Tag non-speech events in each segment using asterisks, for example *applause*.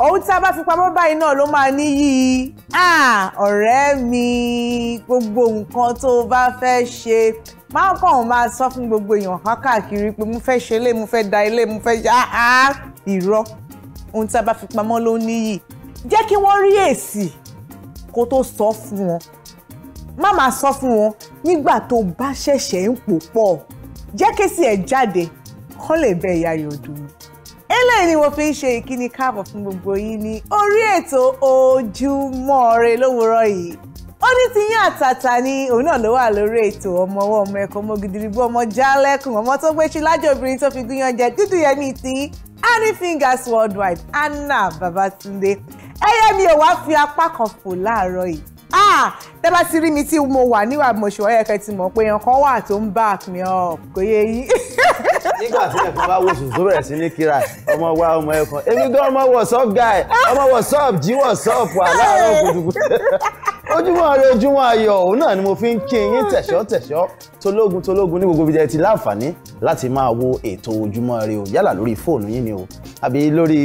ohun tí a bá fi pamọ́ báyìí náà ló máa níyì ọ̀rẹ́ mi gbogbo nǹkan tó o bá fẹ́ ṣe máa kàn máa sọ fún gbogbo èèyàn káàkiri pé mo fẹ́ ṣe ilé mo fẹ́ da ilé mo fẹ́ ṣe irọ́ ohun tí a bá fi pamọ́ ló níyì jẹ́ kí wọ́n rí èsì kó tó sọ fún wọn má máa sọ fún wọn nígbà tó bá ṣẹ̀ṣẹ̀ ń pò pọ̀ jẹ́ kí èsì ẹ̀ jáde kán lè bẹ ìyá yòdùn eléyìí ni mo fi ń ṣe ìkíni káàbọ̀ fún gbogbo yín ní orí ètò ojúmọ́ ire lówùúrọ̀ yìí ó ní ti yín àtàtà ni òun náà ló wà lórí ètò ọmọ ọmọ ẹ̀kọ́ ọmọ gidigbó ọmọ jálẹ̀kùn ọmọ tó gbé sí lájọ obìnrin tó fi gúnyán jẹ dúdú yẹmí ti honey fingers worldwide anna babatunde ẹyẹ mi ò wá fi apá kan fò láàárọ̀ yìí Ah, tẹ́ bá ti rí mi tí mo wà níwà mọ̀ṣọ́ ẹ̀kẹ́ ti mọ̀ pé ọkọ̀ wà tó ń back me up kò yé yín. nígbà tí ẹ̀kan bá wò sùn tó bẹ̀rẹ̀ sí ní kíra ọmọ wa ọmọ ẹ̀kan èmi gan ọmọ what's up guy ọmọ what's up jí what's up wà ojúmọ́ ire ojúmọ́ ayọ̀ òun náà ni mo fi ń kí ah, tẹ̀ṣọ́ tẹ̀ṣọ́ tológun tológun ní gbogbo ibi tẹ́ ti láǹfààní láti máa wo ètò ojúmọ́ ire o yálà lórí fóònù yín ni o àbí lórí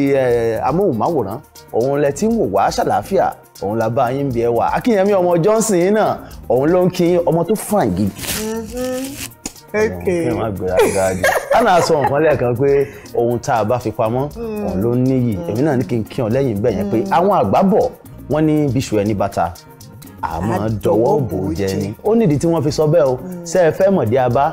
amóhùnmáwòrán òun lẹ ti ń wò wá ṣàlàáfíà òun la bá yín bí wà akínyẹmí ọmọ Johnson yín náà òun ló ń kí ọmọ tó fàn gidi mm-hmm. kí wọn sọ nǹkan lẹ́ẹ̀kan pé ohun tá a bá fi pamọ́ mm. òun ló níyì mm. èmi náà ní kí n kí ọ lẹ́yìn bẹ́ẹ̀ yẹn pé mm. àwọn àgbà bọ̀ wọ́n ní bíṣu ẹni bàtà àmọ́ dọwọ́ bò jẹ ni ó nídìí tí wọ́n fi sọ bẹ́ẹ̀ o ṣe é fẹ́ mọ̀dí abá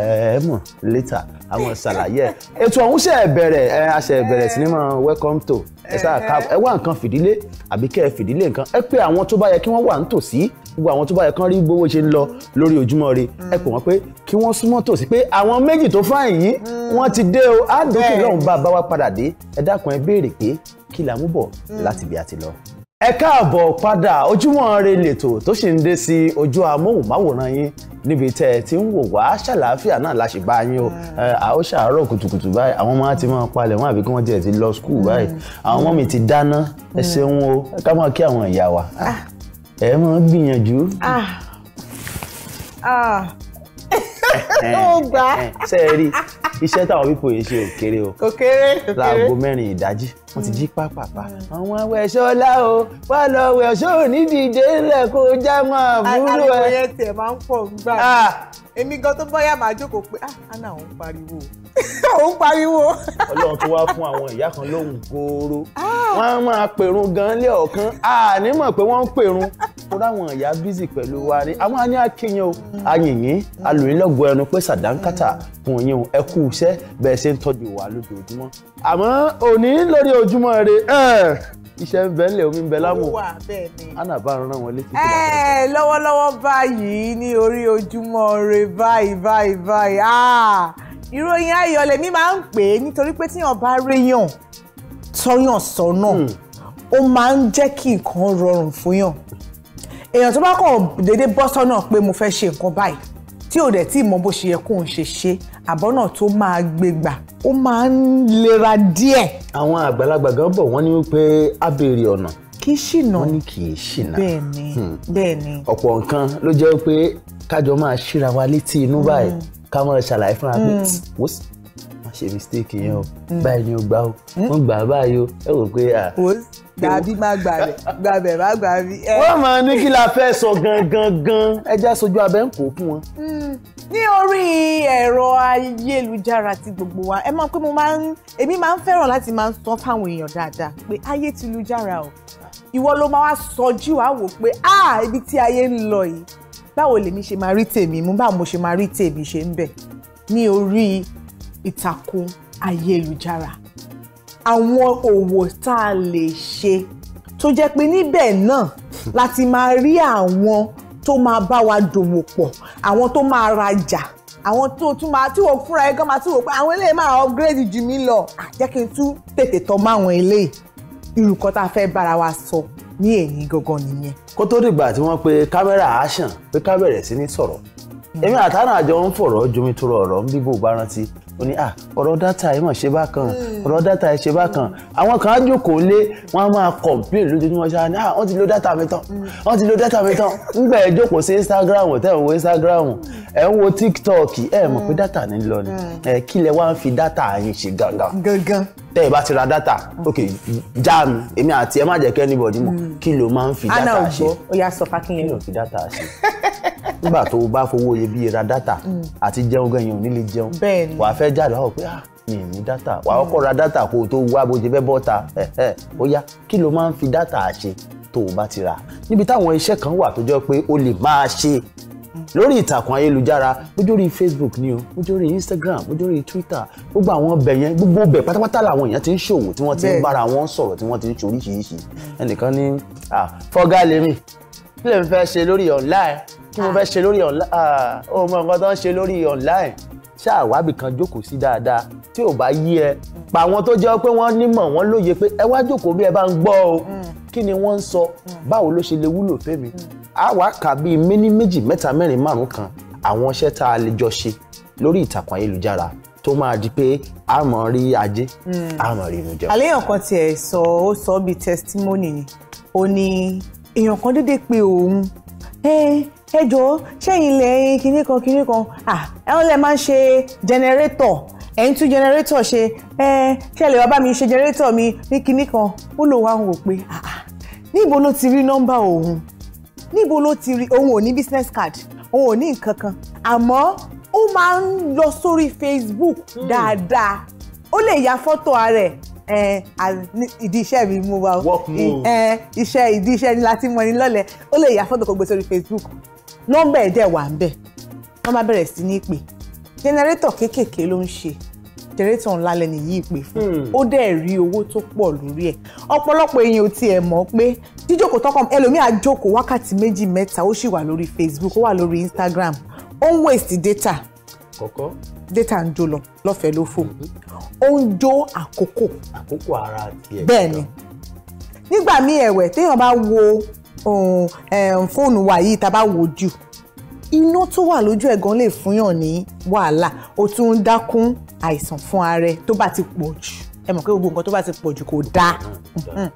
ẹ mọ̀ later àwọn ṣàlàyé ètò ọ̀hún ṣe bẹ̀rẹ̀ ẹ a ṣe bẹ̀rẹ̀ sí welcome to ẹ sáà ká ẹ wá nǹkan fìdílé àbí kẹ́ ẹ fìdílé nǹkan ẹ pé àwọn tó bá yẹ kí wọ́n wà nítòsí gbogbo àwọn tó bá yẹ kán rí gbowó ṣe ń lọ lórí Ojúmọ́ Ire ẹ pè wọ́n pé kí wọ́n súnmọ́ tòsí pé àwọn méjì tó fáyìn yìí wọ́n ti dé o á dókè lọ́hùn bá a bá wa padà dé ẹ dákun ẹ béèrè pé kí làwọn hmm. láti bí a lọ ẹ káàbọ̀ padà ojúmọ́ re lètò tó sì ń dé sí ojú amóhùnmáwòrán yín níbi tẹ́ ẹ ti ń wò wá ṣàlàáfíà náà la ṣì bá yín o ah. a ó ṣàárọ̀ kùtùkùtù báyìí àwọn ọmọ ti máa palẹ̀ wọn àbí kí wọ́n tiẹ̀ ti lọ skul báyìí mm. àwọn ọmọ mi ti dáná ẹ mm. ṣeun o ká máa kí àwọn ìyá wa ah. ẹ máa gbìyànjú. Ah. *laughs* ó gbà. ṣe é rí iṣẹ́ táwọn pípò yìí ṣe òkèrè o. òkèrè òkèrè láago mẹ́rin ìdájí wọ́n ti mm. jí pápápá mm. àwọn awẹ ṣọlá o wà lọ wẹ ọṣọ òní ńlẹ kó já máa búrò ẹ. ariwo yẹn tiẹ̀ máa ń pọ̀ gbà ah. èmi gan tó bọ́yà máa jókòó pé ah anna òun pariwo *laughs* òun pariwo. ọlọ́run tó wá fún àwọn ìyá kan lóhùn gooro ah. wọ́n á máa pèrun gan lé ọ̀kan àní mọ̀ pé wọ́n ń pèrun tó dáwọn ìyá bísí pẹ̀lú wa ni àwọn àní akínyìn o mm. ayìnyín alùyìnlọ́gbọ̀ ẹnu pé sàdánkátà kùn yín o ẹ kú iṣẹ́ bẹ́ẹ̀ ṣe ń tọ́jú wa lójoojúmọ́ àmọ́ òní lórí ojúmọ́ ire eh, iṣẹ́ ń bẹ ńlẹ̀ omi ń bẹ lámù ana bá ń rán wọn létí. ẹ eh, lọ́wọ́lọ́wọ́ báyìí ní orí ojúmọ́ ire báyìí báyìí báyìí ah, ìròyìn ayọ̀ lèmi máa ń pè é nítorí pé tíyàn bá réyàn tọ́yàn sọ́nà hmm. ó máa ń jẹ́ kí nǹkan rọrùn fún yàn èèyàn tó bá kàn déédéé bọ́ sọ́nà pé mo fẹ́ ṣe nǹkan báyìí tí ò dẹ̀ tí mọ bó ṣe yẹ kó ń ṣe ṣe àbọ̀nà tó máa gbé gbà ó máa ń lera díẹ̀. àwọn àgbàlagbà gan bọ̀ wọ́n ní wípé á béèrè ọ̀nà kì í ṣìnà wọ́n ní kì í ṣìnà bẹ́ẹ̀ ni hmm. bẹ́ẹ̀ ni. ọ̀pọ̀ nǹkan ló jẹ́ pé kájọ máa ṣíra wa létí inú hmm. báyìí ká mọ̀ ṣàlàyé fúnra pé hmm. wọ́n ṣe mistake yẹn o báyìí ni ó gbà o wọ́n gbà báyìí o ẹ wò pé gbàbí má gbàbẹ̀ gbàbẹ̀ má gbàbí. wọ́n máa ní kí la fẹ́ sọ gangan gan ẹja sojú abẹ́ ń kó fún wọn. Hmm. ní orí ẹ̀rọ ayélujára ti gbogbo wa ẹ mọ̀ pé mo máa ń èmi máa ń fẹ́ràn láti máa ń sọ fáwọn èèyàn dáadáa pé ayé ti lu jára o ìwọ ló máa wá sọjú wa wò pé ah ibi tí ayé ń lọ yìí báwo lèmi ṣe máa rí tèmi mú báwo mo ṣe máa rí tèmi ṣe ń bẹ ní orí ìtàkùn ayélujára àwọn òwò tá a lè ṣe tó jẹ́ pé níbẹ̀ náà láti máa rí àwọn tó máa bá wa dòwò pọ̀ àwọn tó máa rajà àwọn tó tún máa tí wò fúnra ẹ gan máa tún wò pé àwọn eléyìí máa upgrade jù mí lọ àjẹ́ kí n tún tètè tọ́ mọ́ àwọn eléyìí irú kan tá a fẹ́ bára wa sọ ní èyí gangan nìyẹn. kó tó dìgbà tí wọ́n pe kámẹ́rà àásàn pé ká bẹ̀rẹ̀ sí ní sọ̀rọ̀ èmi àtàrà àjọ ń fọ̀rọ̀ jomi tó ń bí bá rántí ó ní ah ọ̀rọ̀ data ẹ̀ mọ̀ ṣe bákan hmm. ọ̀rọ̀ dátà ẹ̀ ṣe bákan àwọn kan á jókòó lé wọn á máa complain lójoojúmọ́ ṣáà ní ah wọ́n ti lo dátà mi tán hmm. wọ́n ti lo dátà mi tán *laughs* nígbà ẹ̀ jókòó sí Instagram tẹ̀ ń wo Instagram ẹ̀ ń wo TikTok ẹ̀ mọ̀ pé hmm. dátà ní lọ ni ẹ̀ kí lẹ wá ń fi dátà yín ṣe gangan gangan tẹ́ ẹ bá ti ra dátà ok já èmi àti ẹ má jẹ́ kẹ́ anybody mo kí ló máa ń fi dátà ṣe ana ògbó ó yà sọ fákínyẹn kí ṣe *laughs* nígbà tó o bá fowó iyebíye ra dátà mm. àti jẹun gan yẹn ò ní lè jẹun wàá fẹ́ jáde wàá wò pé ah mi ì ní dátà wàá kọ́kọ́ ra dátà kó o tó wá bó ti fẹ́ bọ́ta ó yá kí ló máa ń fi dátà ṣe tó o bá ti rà níbi táwọn iṣẹ́ kan wà tó jẹ́ pé o lè máa ṣe lórí ìtàkùn ayélujára lójórí facebook ni o lójórí instagram lójórí twitter gbogbo àwọn ọbẹ̀ yẹn gbogbo ọbẹ̀ pátápátá làwọn èèyàn ti ń ṣòwò tí wọ́n ti ń bára wọn sọ̀rọ̀ tí wọ́n ti ń ṣe oríṣiríṣi ẹnìkan ní ah, fọ́gá lèmi kí lèmi fẹ́ ṣe lórí online kí mo fẹ́ ṣe lórí ọmọ nǹkan tó ń ṣe lórí online ṣáà wábì kan jókòó sí dáadáa tí ò bá yí ẹ pa àwọn tó jẹ́ pé wọ́n nímọ̀ wọ́n lóye pé ẹ wá jókòó bí ẹ bá ń gbọ́ o kí ni wọ́n ń sọ báwo ló ṣe lè wúlò fẹ́mi á wá kà bíi méní méjì mẹ́ta mẹ́rin márùn-ún kan àwọn iṣẹ́ tá a lè jọ ṣe lórí ìtàkùn ayélujára tó máa di pé a mọ̀ rí ajé a mọ̀ rí inú jẹun. àléèyàn kan tiẹ̀ sọ ó sọ bíi testimony ni ó ní èèyàn kan déédéé pé òun ẹ jọ̀ọ́ ṣẹ́yìn ilẹ̀ kinní kan kinní kan ẹ̀hún lẹ̀ máa ń ṣe jẹnẹrétọ̀ ẹ̀ ń tún jẹnẹrétọ̀ ṣe ẹ ṣe lè wá bá mi ṣe jẹnẹrétọ̀ mi ní kinní kan ó lò wá wò pé níbo ló ti rí nọ́mbà òun níbo ló ti rí òun ò ní business card òun ò ní nǹkan kan àmọ́ ó máa ń lọ sórí Facebook hmm. dáadáa ó lè ya fọ́tò ara ẹ̀ ìdí iṣẹ́ mi mú wa iṣẹ́ ìdí iṣẹ́ ni láti mọ ni lọ́lẹ̀ ó lè ya fọ́tò kó gbé sórí Facebook nọ́mbà ẹ̀ dẹ̀ wà ń bẹ̀ wọ́n bá bẹ̀rẹ̀ sí ní pè jẹnẹrétọ̀ kéékèèké ló ń ṣe jẹnẹrétọ̀ ńlá lẹni yìí pè fún hmm. ó dẹ̀ rí owó tó pọ̀ lórí ẹ̀ ọ̀pọ̀lọpọ̀ èèyàn ò tiẹ̀ mọ̀ pé jíjókòó tọkàn ẹlòmíà jókòó wákàtí méjì mẹ́ta ó sì wà lórí Facebook ó wà lórí Instagram ó ń waste data kọ́kọ́ data ń jó lọ lọ́fẹ̀ẹ́ ló fò hmm. ó ń jó àkókò àkókò ara tiẹ̀ bẹ́ẹ̀ ni nígbà míì ẹ̀wẹ̀ téèyàn bá wo fóònù wa yìí tá a bá wò jù iná tó wà lójú ẹ̀gán lè fúnyàn ní wàhálà ó tún ń dákún àìsàn fún ara ẹ tó bá ti pọ̀ jù ẹ mọ̀ pé gbogbo nǹkan tó bá ti pọ̀ jù kò dáa mm-hmm.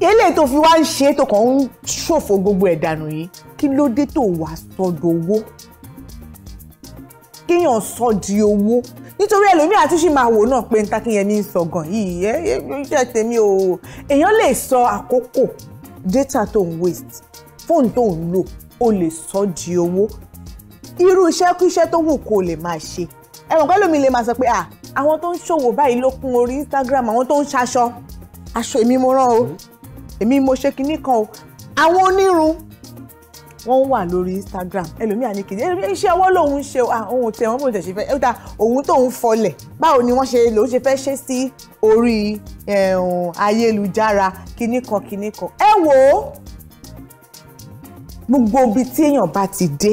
eléyìí tó fi wá ń ṣe tó kàn ń ṣòfò gbogbo ẹ̀ dànù yìí kí ló dé tó wà sọ́dọ̀ owó kéèyàn sọ di owó nítorí ẹlòmíì àtúnṣe máa wò náà pé ntakínyẹmí ń sọgàn yìí ẹ ẹ ṣe tèmi o èèyàn lè sọ àkókò data tó ń waste fóònù tó ń lò o lè sọ di owó irú iṣẹ́ kú iṣẹ́ tó wù kó o lè máa ṣe ẹ mọ̀ pẹ́lú mi lè máa sọ pé àwọn tó ń ṣòwò báyìí ló kún orí Instagram àwọn tó ń ṣaṣọ aṣọ èmi mo rán o èmi mo ṣe kinní kan o àwọn onírun wọ́n wà lórí Instagram ẹlòmíà ní kìdí iṣẹ́ ọwọ́ lòun ṣe ohun ah, tẹ wọ́n bò tẹ̀ ṣe fẹ́ ó ta òun tóun fọlẹ̀ báwo ni wọ́n ṣe lòun ṣe fẹ́ ṣe sí orí ayélujára kíníkan kíníkan ẹ wò ó gbogbo ibi tí èèyàn bá ti dé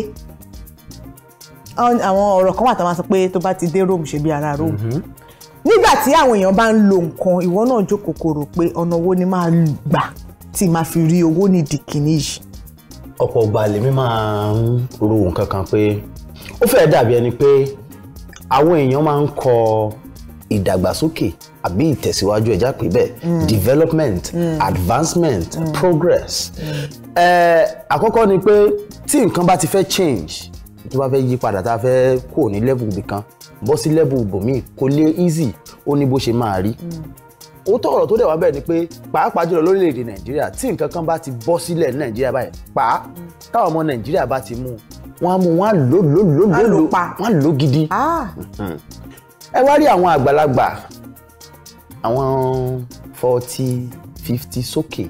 àwọn ọ̀rọ̀ kan wà tá a máa sọ pé tó bá ti dé Rome ṣe bí ara Rome mm-hmm. nígbà tí àwọn èèyàn bá ń lo nǹkan ìwọ náà jókòó kò rò pé ọ̀nà owó ni máa gbà tí máa fi rí owó nídìí kìíní yìí ọ̀pọ̀ ìgbà lèmi máa ń ro nǹkan kan pé ó fẹ́ dàbí ẹni pé àwọn èèyàn máa ń kọ ìdàgbàsókè àbí ìtẹ̀síwájú ẹ̀já pé bẹ́ẹ̀ hmm. development hmm. advancement hmm. progress. ẹ àkọ́kọ́ ni pé tí nǹkan bá ti fẹ́ change tó bá fẹ́ yí padà tá a fẹ́ kó ní level ibì kan bọ́ sí level ibòmíì kò lè easy ó ní bó ṣe máa rí òótọ́ ọ̀rọ̀ tó dẹ̀ wá bẹ́ẹ̀ ni pé pàápàá jùlọ lórílẹ̀‐èdè nàìjíríà tí nǹkan kan bá ti bọ́ sílẹ̀ ní nàìjíríà báyìí pàá táwọn ọmọ nàìjíríà bá ti mú wọn á mú wọn á lò lò lò lò lò wọn á lò gidi. Ah. ẹ wá rí àwọn àgbàlagbà àwọn forty fifty sókè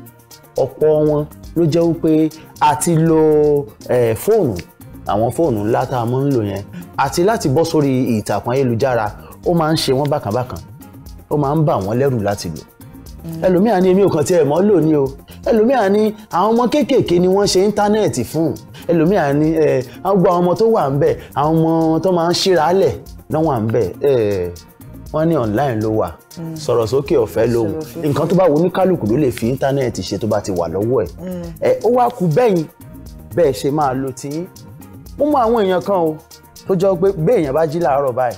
ọ̀pọ̀ wọn ló jẹ́ wípé àti lo fóònù àwọn fóònù ńlá tá a mọ̀ ń lò yẹn àti láti bọ́ sórí ìtàkùn ayélujára ó máa ń ṣe wọ́n bákan ó máa ń bà wọ́n lẹ́rù láti lò ẹlòmíà ní èmi ò kàn tiẹ̀ mọ́ lò ní o ẹlòmíà ní àwọn ọmọ kéékèèké ni wọ́n ṣe íńtánẹ́ẹ̀tì fún ẹlòmíà ní ẹ gbogbo àwọn ọmọ tó wà ń bẹ̀ àwọn ọmọ tó máa ń ṣíra lẹ̀ lọ́wọ́ à ń bẹ̀ ẹ wọ́n ní online ló wà sọ̀rọ̀ sókè ọ̀fẹ́ lóhùn nǹkan tó bá wo oníkálukú ló lè fi íńtánẹ́ẹ̀tì ṣe tó bá ti wà lọ́wọ́ ẹ̀ ẹ ó wá kú bẹ́yìn bẹ́ẹ̀ ṣe máa lo tiyín mo mọ àwọn èèyàn kan o tó jọ pé béèyàn bá jí láàárọ̀ báyìí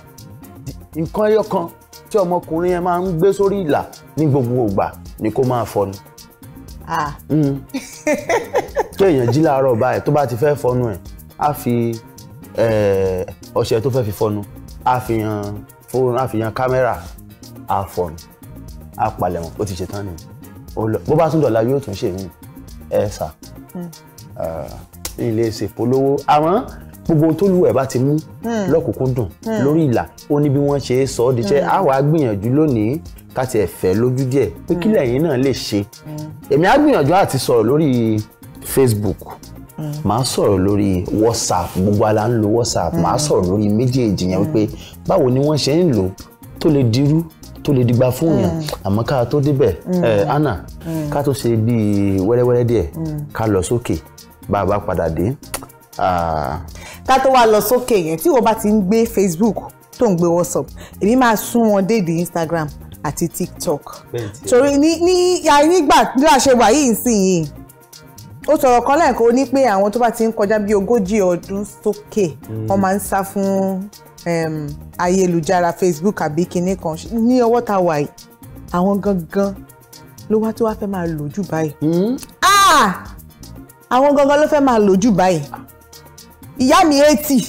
nǹkan ẹyọ kan tí ọmọkùnrin yẹn máa ń gbé sórí ìlà ní gbogbo ìgbà ni kó máa fọnu. Mm. *laughs* kí èèyàn jí láàárọ̀ báyìí tó bá ti fẹ́ fọnu ẹ̀ á fi ọṣẹ tó fẹ́ fi fọnu á fi hàn fóònù á fi hàn kámẹ́rà á fọnu á palẹ̀mọ́ ó ti ṣetán nìyẹn bó bá tún dọ̀la yóò tún ṣe mí ẹ sà mm. ilé ìsèpolówó àmọ́ gbogbo ohun tó lù ẹ̀ bá ti mú hmm. lọ́kùnkúndùn hmm. lórí ìlà ó ní bí wọ́n ṣe é sọ ọ́ di iṣẹ́ hmm. á wàá gbìyànjú lónìí ká tiẹ̀ fẹ́ lójú díẹ̀ pé kílẹ̀ yín náà lè ṣe èmi á gbìyànjú àti sọ̀rọ̀ lórí Facebook màá sọ̀rọ̀ lórí WhatsApp gbogbo ala ń lo WhatsApp màá sọ̀rọ̀ lórí méjèèjì yẹn wípé báwo ni wọ́n ṣe ń lò tó lè dirú tó lè digba fún yàn àmọ́ ká tó débẹ̀ Anna ká tó ṣe bíi wẹ́rẹ́wẹ́rẹ́ díẹ̀ ká lọ sókè bá a bá padà dé. Ah, ká tó wá lọ sókè yẹn tí wọ́n bá ti ń gbé Facebook tó ń gbé WhatsApp èmi máa sún wọn déèdì Instagram àti TikTok torí ní ní nígbà nígbà ṣe wà yìí nísìnyìí ó sọ̀rọ̀ kan lẹ́ẹ̀kan ó ní pé àwọn tó bá ti ń kọjá bíi ogójì ọdún sókè hmm. wọ́n máa ń sá fún ayélujára Facebook àbí kinní kan ní ọwọ́ tá wà yìí àwọn gangan ló wá tó wá fẹ́ máa lò jù báyìí hmm. ah! àwọn gangan ló fẹ́ máa lò jù báyìí ìyá mi eighty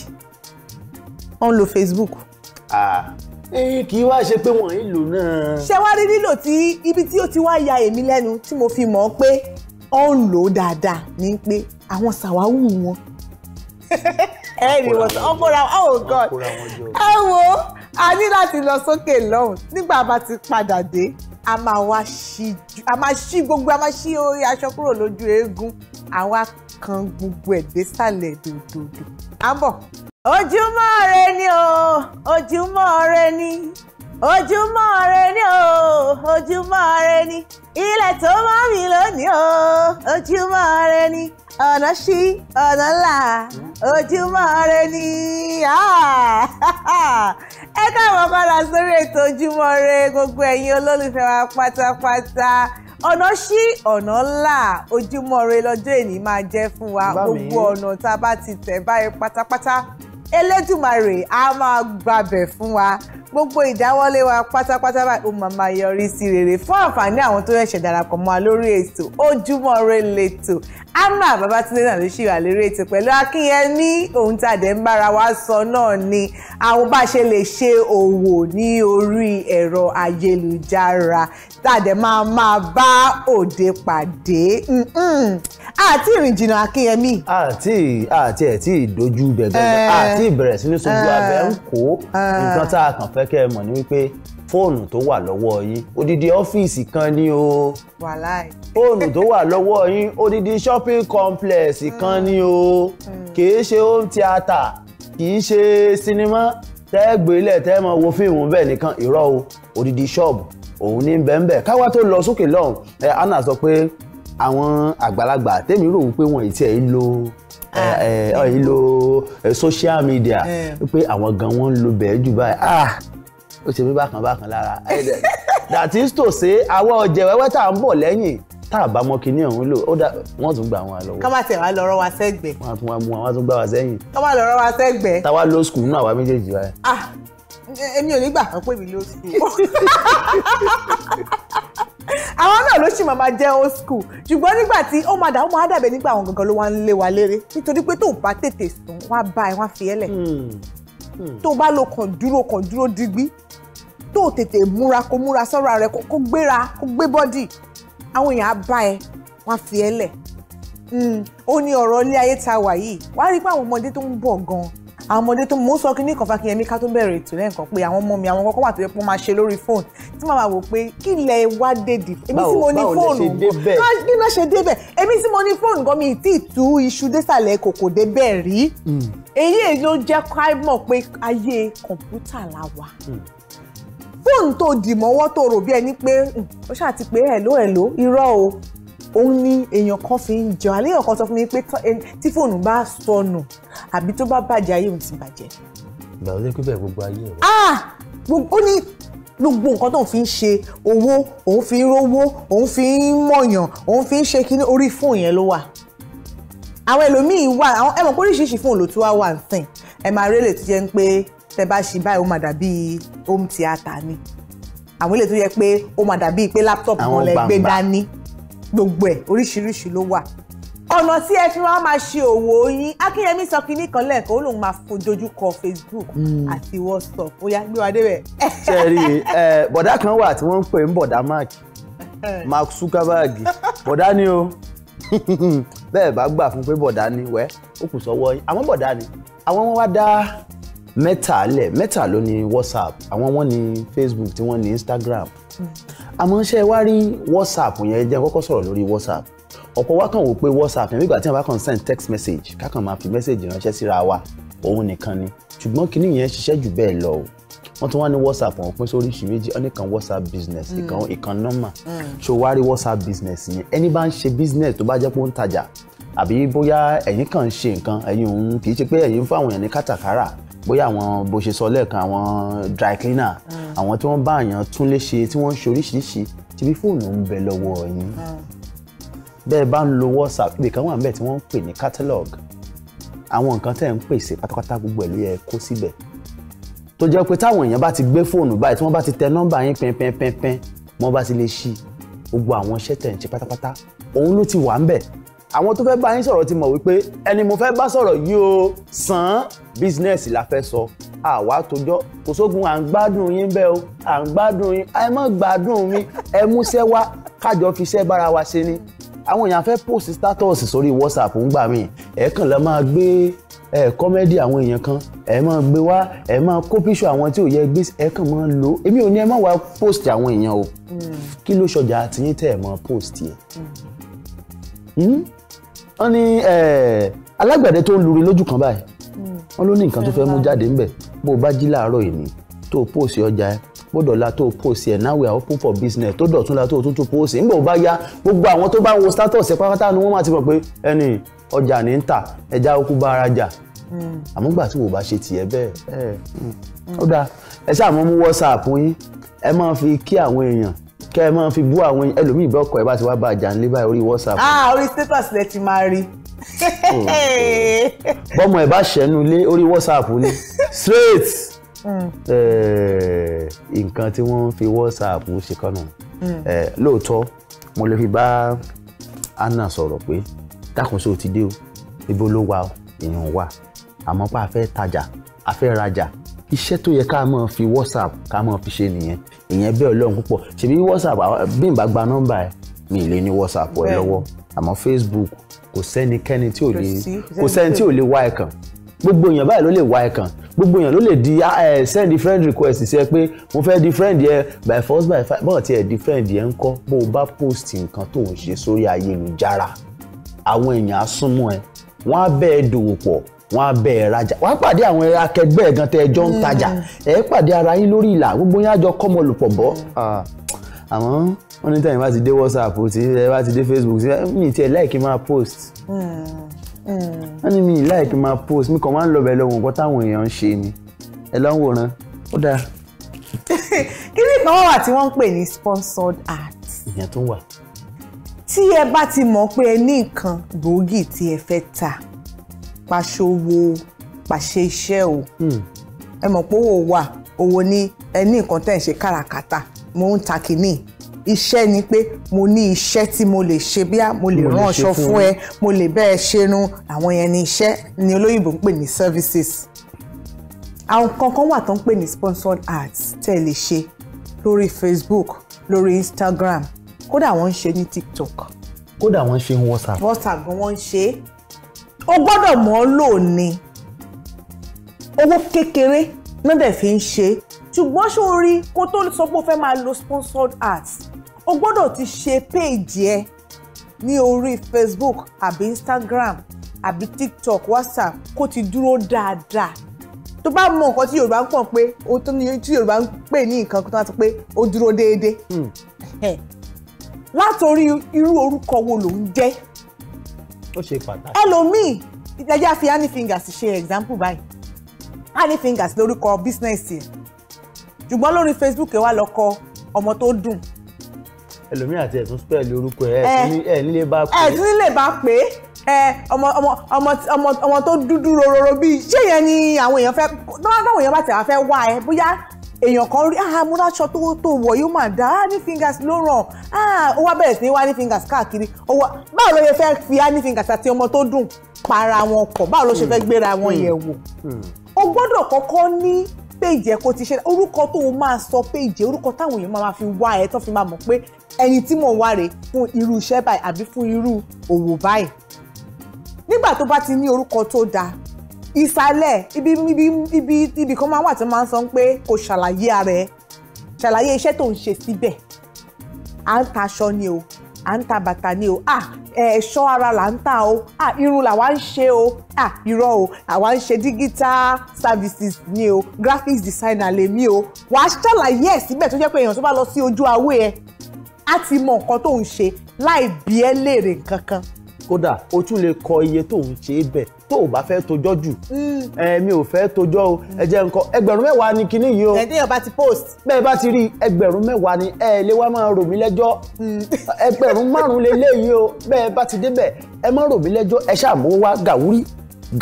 ó ń lo Facebook. kì í wá ṣe pé wọ́n ń lò náà. ṣé wàá rí lílò tí ibi tí ó ti wá ya èmi lẹ́nu tí mo fi mọ̀ ọ́ pé ó ń lò ó dáadáa ní pé àwọn ṣàwáwù wọn *laughs* ẹ̀rì wọ̀sán ọ̀pọ̀ra oh god ẹ wo a ní láti lọ sókè lọ́hùn nígbà bá ti padà dé a máa wá ṣí a ṣí gbogbo a máa ṣí orí aṣọ kúrò lójú eégún àwa kan gbogbo ẹ̀ désàlẹ̀ dòdòdò. àbọ̀ ojúmọ́ ire ni o ojúmọ́ ire ni ojúmọ́ ni o ojúmọ́ ni ilẹ̀ tó mọ́ mi lónìí o ojúmọ́ ni ọ̀nà ṣí ọ̀nà là ojúmọ́ ni *laughs* ẹ káàbọ̀ padà sórí ètò ojúmọ́ ire gbogbo ẹ̀yin olólùfẹ́ wa pátápátá. ọ̀nà ṣí ọ̀nà là ojúmọ́ re lọ́jọ́ èní máa jẹ́ fún wa gbogbo ọ̀nà tá a bá ti tẹ̀ báyìí pátápátá Elédùmarè á máa gbàbẹ̀ fún wa gbogbo ìdáwọ́lé wa pátápátá báyìí ó máa máa yọrí sí rere fún àǹfààní àwọn tó ṣẹ̀ṣẹ̀ darapọ̀ mọ́ wa lórí ètò ojúmọ́ lẹ́tò Ama Babatunde náà ló ṣì wà lórí ètò pẹ̀lú Akínyẹmí ohun tàdé ń bára wa sọ náà ni àwọn bá ṣe lè ṣe òwò ní orí ẹ̀rọ ayélujára tàdé máa máa bá òde pàdé àti ìrìn jìnnà Akínyẹmí. àti àti ẹ̀ tí ìdojú bẹ̀gẹ̀ àti eh. ìbẹ̀rẹ̀ sí ní sojú eh. abẹ́ ń kó eh. nǹkan tá a kàn fẹ́ kẹ́ ẹ mọ̀ ní wípé fóònù tó wà lọ́wọ́ yín odidi ọ́fíìsì kan ni o fóònù tó wà lọ́wọ́ yín odidi shopping complex kan ni o kìí ṣe home theater, kìí ṣe sinimá tẹ́ gbélé tẹ́ mọ wo fíìmù bẹ́ẹ̀ nìkan irọ́ o odidi ṣọ́ọ̀bù òun ní bẹ́ẹ̀nbẹ́ẹ̀ káwá tó lọ sókè lọ́hùn ẹ anna sọ pé àwọn àgbàlagbà tèmi rò wípé wọn ì tiẹ̀ ń lo ẹ ń lo social media wípé àwọn gan wọn ń lo bẹ́ẹ̀ jù báyìí ó ṣe mí bákan bákan lára that is to say àwọn ọ̀jẹ̀ wẹ́wẹ́ tá à ń bọ̀ lẹ́yìn tá a bá mọ kinní ọ̀hún lò ó dà wọ́n tún gbà wọn lọ́wọ́. ká má tẹ̀ wá lọ́rọ́ wa sẹ́gbẹ̀ẹ́. wọ́n á tún wá mú wọn á tún gbà wá sẹ́yìn. ká má lọ́rọ́ wa sẹ́gbẹ̀ẹ́. táwa ló skul náà àwa méjèèjì wa. ah èmi ò ní gbà kan pé mi ló skul. àwọn náà ló sì máa ma jẹ́ old school ṣùgbọ́n nígbà tí ó máa dà ó máa dàbẹ̀ nígbà àwọn gangan ló wá ń lé wa léré nítorí pé tó bá tètè sùn wá bá ẹ wá fi ẹ́ lẹ̀. Hmm. Hmm. tó bá lo kàn dúró kàn dúró digbí tó o tètè múra kó múra sọ́ra rẹ kó gbéra kó gbé bọ́dì àwọn èèyàn á bá ẹ wọ́n á fi ẹ lẹ̀ hmm. ó ní ọ̀rọ̀ ilé ayé ta wà yìí wàá rí pé àwọn ọmọdé tó ń bọ̀ gan-an àwọn ọmọdé tó mò ń sọ kí ní kan Fákínyẹmí ká tó bẹ̀rẹ̀ ètò lẹ́ẹ̀kan pé àwọn ọmọ mi àwọn kọ́kọ́ wà tó yẹ kó máa ṣe lórí fóònù tí màmá wò pé kí lẹ wá dédì èmi tí mo ní fóònù kí lẹ ṣe débẹ̀ èmi tí mo ní fóònù gan mi ìtì tú iṣu désàlẹ̀ kòkò débẹ̀ rí hmm. èyí èyí ló jẹ́ ká mọ̀ pé ayé kọ̀ǹpútà la wà hmm. fóònù tó dì mọ́wọ́ tó rò bí ẹni pé hmm, ó ṣáà pé hello hello irọ́ o òun ni èèyàn kan fi ń jẹun àlẹ́ èèyàn kan sọ fún mi pé tí fóònù bá sọnù àbí tó bá bàjẹ́ ayé òun ti bàjẹ́. ìgbà wo lè pé gbogbo ayé wa. ah ó ní gbogbo nǹkan tó ń fi ń ṣe owó òun fi ń rówó òun fi ń mọ̀yàn òun fi ń ṣe kíní orí fóònù yẹn ló wà àwọn ẹlòmíín wà àwọn ẹmọ oríṣiríṣi fún olùtú wa wà nsìn ẹ máa rélè tó jẹ́ ń pé tẹ bá ṣe báyìí ó máa dàbí home theatre ni àwọn ilé tó yẹ pé ó máa dàbí pé laptop kan lẹ gbé dání gbogbo ẹ̀ oríṣiríṣi ló wà ọ̀nà tí ẹ fi wá máa ṣe òwò yín akínyẹmí sọ kínní kan lẹ́ẹ̀kan ó lóun máa fojojú kọ facebook hmm. àti whatsapp ó yá gbé wa débẹ̀. ṣe rí *laughs* ẹ bọ̀dá kan wà tí wọ́n ń pè ń bọ̀dá mark eh. mark zuckerberg bọ̀dá ni o *laughs* bẹ́ẹ̀ bá gbà fún pé bọ̀dá ni wẹ́ ó kù sọ́wọ́ yín àwọn bọ̀dá ni àwọn wọn wá dá mẹ́ta lẹ̀ mẹ́ta ló ní whatsapp àwọn wọn ní facebook tí wọ́n ní instagram. Hmm àmọ́ ṣe wá rí whatsapp yẹn jẹ́ kọ́kọ́ sọ̀rọ̀ lórí whatsapp ọ̀pọ̀ wa kàn wò pé whatsapp yẹn nígbà tí wọ́n bá kàn send text message kákan máa fi message ránṣẹ́ síra wa òun nìkan ni ṣùgbọ́n kinní yẹn ṣiṣẹ́ jù bẹ́ẹ̀ lọ o wọ́n tún wá ní whatsapp wọn pín sórí ìṣù méjì ọ̀nìkan whatsapp business hmm. ìkan ìkan nọ́mà hmm. ṣó wá rí whatsapp business yẹn ẹni bá ń ṣe business tó bá jẹ́ pé ó ń tajà àbí bóyá ẹ̀yin kàn ń ṣe nǹkan ẹ̀yin òun kì í ṣe pé ẹ̀yin ń fáwọn èèyàn ní kátàkárà bóyá àwọn bó ṣe sọ lẹ́ẹ̀kan àwọn dry cleaner mm. àwọn tí wọ́n bá àyàn tún lè ṣe tí wọ́n ń ṣe oríṣiríṣi tí bí fóònù ń bẹ lọ́wọ́ yín mm. bẹ́ẹ̀ bá ń lo whatsapp ibì kan wà níbẹ̀ tí wọ́n ń pè ní catalog àwọn nǹkan tẹ̀ ń pèsè pátápátá gbogbo ẹ̀ ló yẹ kó síbẹ̀ tó jẹ́ pé táwọn èèyàn bá ti gbé fóònù báyìí tí wọ́n bá ti tẹ nọ́mbà yín pẹ́ńpẹ́ńpẹ́ńpẹ́ wọ́n bá ti lè ṣí gbogbo àwọn iṣẹ́ tẹ̀ ń ṣe pátápátá òun ló ti wà ń bẹ̀ àwọn tó fẹ́ bá yín sọ̀rọ̀ ti mọ̀ wípé ẹni mo fẹ́ bá sọ̀rọ̀ yìí o sàn án bísínẹ́sì la fẹ́ sọ àwa tójọ́ kò sógun à ń gbádùn yín bẹ́ẹ̀ o à ń gbádùn yín ẹ mọ̀ gbádùn mi ẹ múṣẹ́ wá kájọ fiṣẹ́ bára wa ṣe ni àwọn èèyàn fẹ́ post status sórí WhatsApp ń gbà mí ẹ̀ kàn lọ́ máa gbé ẹ kọ́mẹ́dì àwọn èèyàn kan ẹ máa gbé wá ẹ máa kó píṣọ àwọn tí ò yẹ gbé ẹ kàn máa lò èmi ò ní ẹ má wá post àwọn èèyàn o hmm. kí ló ṣọjà àtìyín tẹ́ ẹ máa post yẹ. Hmm. Hmm? wọ́n ní alágbẹ̀dẹ tó ń lure lójú kan báyìí wọ́n ló ní nǹkan tó fẹ́ mú jáde ńbẹ̀ bó o bá jí láàárọ̀ yìí tó o pòsì ọjà ẹ gbódọ̀la tó o pòsì ẹ̀ náwó ẹ̀ open for business tó dọ̀túnla tó o tún tún pòsì ńgbà ó bá yá gbogbo àwọn tó bá ń wo status ẹ̀ pátá ni wọ́n máa ti mọ̀ pé ẹni ọjà ní ń tà ẹja okú bá ara jà hmm. àmọ́ gbà tí wò bá ṣe tiẹ̀ bẹ́ẹ̀ hmm. ó dáa ẹ sáà mọ́ mú WhatsApp yín ẹ máa fi kí àwọn èèyàn kẹ́ ẹ máa fi bú àwọn ẹlòmíì bẹ́ẹ̀ ọkọ̀ ẹ bá ti wá bá àjà ńlẹ́ báyìí orí WhatsApp. ah orí status lẹ ti máa rí. Oh, bọ́mọ ẹ̀ bá ṣẹ́nu lé orí WhatsApp ni straight hmm. eh, nǹkan tí wọ́n fi WhatsApp ṣe kánú hmm. eh, lóòótọ́ mo lè fi bá Anna sọ̀rọ̀ pé dákùnso ti dé o ibo ló wà o èèyàn wà àmọ́ pé a fẹ́ tajà a rajà iṣẹ́ tó yẹ ká máa fi whatsapp ká máa fi ṣe nìyẹn ìyẹn bẹ́ẹ̀ ọlọ́run púpọ̀ ṣèbí whatsapp bí n bá gba nọ́mbà ẹ̀ mi ì lè ní whatsapp ẹ lọ́wọ́ àmọ́ facebook kò sẹ́nikẹ́ni tí ò lè kò sẹ́ni tí ò lè wá ẹ̀ kàn gbogbo èèyàn báyìí ló lè wá ẹ̀ kàn gbogbo èèyàn ló lè di send di friend request sí ẹ pé mo fẹ́ di friend yẹ by first by five bọ́ọ̀ tí ẹ di friend yẹ ń kọ́ bó o bá post nǹkan tó ń ṣe sórí ayélujára àwọn èèyàn á súnmọ́ ẹ wọ́n á bẹ́ẹ̀ dòwò pọ̀ wọn á bẹ̀ ẹ̀ rajà wọn á pàdé àwọn akẹgbẹ́ ẹ̀ gan tẹ ẹjọ́ ń hmm. tajà ẹ̀ pàdé ara yín lórí ìlà gbogbo yín á jọ kọ́ ọmọlùpọ̀ bọ́ àmọ́ wọ́n ní tẹ̀yìn bá ti dé whatsapp tí ẹ bá ti dé facebook tí mi tiẹ̀ láìkí máa post hmm, hmm. wọ́n ní mi láìkí máa post mi kàn máa ń lọ bẹ̀rẹ̀ lọ́wọ́ nǹkan táwọn èèyàn ń ṣe ni ẹ lọ́ ń wòran ó dáa. *laughs* kí ni kan wà tí wọ́n ń pè ní sponsored ads. ìyẹn tó wà. tí ẹ bá ti mọ̀ pé ẹ ní nǹkan gbòógì tí ẹ fẹ́ ta pàṣẹ owó pàṣẹ iṣẹ́ o hmm. ẹ mọ̀ pé owó wà owó ní ẹ ní nǹkan tẹ̀ ń ṣe káràkátà mo ń ta kìíní iṣẹ́ ni pé mo ní iṣẹ́ tí mo lè ṣe bíá mo lè rán aṣọ fún ẹ mo lè bẹ́ ẹ ṣerun àwọn yẹn ni iṣẹ́ ni olóyìnbó ń pè ní services àwọn kankan wà tó ń pè ní sponsored ads tẹ́ ẹ lè ṣe lórí Facebook lórí Instagram kódà wọ́n ń ṣe ní TikTok kódà wọ́n ṣe ń WhatsApp. WhatsApp gan wọ́n ń ṣe o gbọ́dọ̀ mọ̀ ọ́ lò ní owó kékeré náà dẹ̀ fi ń ṣe ṣùgbọ́n ṣó rí kó tó sọ pé o fẹ́ máa lo sponsored ads o gbọ́dọ̀ ti ṣe page, ẹ ní orí Facebook àbí Instagram àbí TikTok WhatsApp kó ti dúró dáadáa tó bá mọ nǹkan tí Yorùbá ń pọ̀ pé o tó ní tí Yorùbá ń pè ní nǹkan tó wá ti pé o dúró déédéé hmm. látòrí irú orúkọ wo ló ń jẹ́ ó ṣe pàtàkì. ẹlòmíì ìjẹ́jà fi honey fingers ṣe example báyìí honey fingers lórúkọ business yẹn ṣùgbọ́n lórí Facebook ẹ wá lọ kọ ọmọ tó dùn. ẹlòmíì àti ẹ̀sùn spẹ́ẹ̀lì orúkọ ẹ̀ ẹ̀ nílé bá pè é. ẹ̀ nílé bá pè é ọmọ ọmọ ọmọ ọmọ tó dúdú rororo bíi ṣé yẹn ni àwọn èèyàn fẹ́ báwọn èèyàn bá tẹ̀ wá fẹ́ wá ẹ bóyá èèyàn kan rí ah mo láṣọ tó tó wọ̀ yóò máa dá ah ní fingers ló ràn ah ó wá bẹ̀rẹ̀ sí ní wá ní fingers káàkiri ó wá báwo ló yẹ fẹ́ fi ah ní fingers àti ọmọ tó dùn para wọn kọ̀ báwo ló ṣe fẹ́ gbéra wọn hmm. yẹ̀ wò hmm. o gbọ́dọ̀ kọ́kọ́ ní péjì ẹ ti ṣe orúkọ tó o máa sọ péjì orúkọ táwọn èèyàn máa fi wá ẹ tó fi máa mọ̀ pé ẹni tí mò ń wá rè fún irú iṣẹ́ báyìí àbí fún irú òwò báyìí nígbà tó bá ti ní orúkọ tó dáa ìsàlẹ̀ ibi ibi ibi ibi kan máa wà tí wọ́n máa ń sọ pé kò ṣàlàyé ara ẹ̀ ṣàlàyé iṣẹ́ tó ń ṣe síbẹ̀ à ń taṣọ ni o à ń ta bàtà ni o à ẹ̀ṣọ́ ara là ń tà o à irun làwa ń ṣe o à irọ́ o àwa ń ṣe digital services ni o graphics designer lèmi o wàá ṣàlàyé ẹ̀ síbẹ̀ tó jẹ́ pé èèyàn tó bá lọ sí ojú awé ẹ̀ á ti mọ nǹkan tó ń ṣe láì bí ẹ léèrè kankan. kódà o tún lè kọ iye tó ń ṣe é tó o bá fẹ́ tojọ́ jù hmm. mi ò fẹ́ tojọ́ o ẹ jẹ́ nǹkan ẹgbẹ̀rún mẹ́wàá ni kinní yìí o ẹ̀dínyàn bá ti post. bẹ́ẹ̀ bá ti rí ẹgbẹ̀rún mẹ́wàá ni ẹ lè wá máa rò mí lẹ́jọ́ hmm. *laughs* ẹgbẹ̀rún márùn-ún lélẹ́yìí o bẹ́ẹ̀ bá ti débẹ̀ ẹ má rò mí lẹ́jọ́ ẹ ṣáà mú wá gàwúrí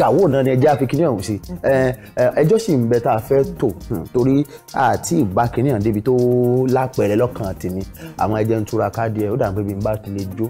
gàwó náà ni ẹjẹ́ àfikínní ọ̀hún sí hmm. ẹjọ́ sì ń bẹ tá a fẹ́ tò torí àti ìbákinní ọ̀hún débi tó lápẹ̀rẹ̀ lọ́kàn tèmi àmọ́ ẹjẹ́ ń túra káàdì ẹ̀ ó dà bí n bá ti lè jó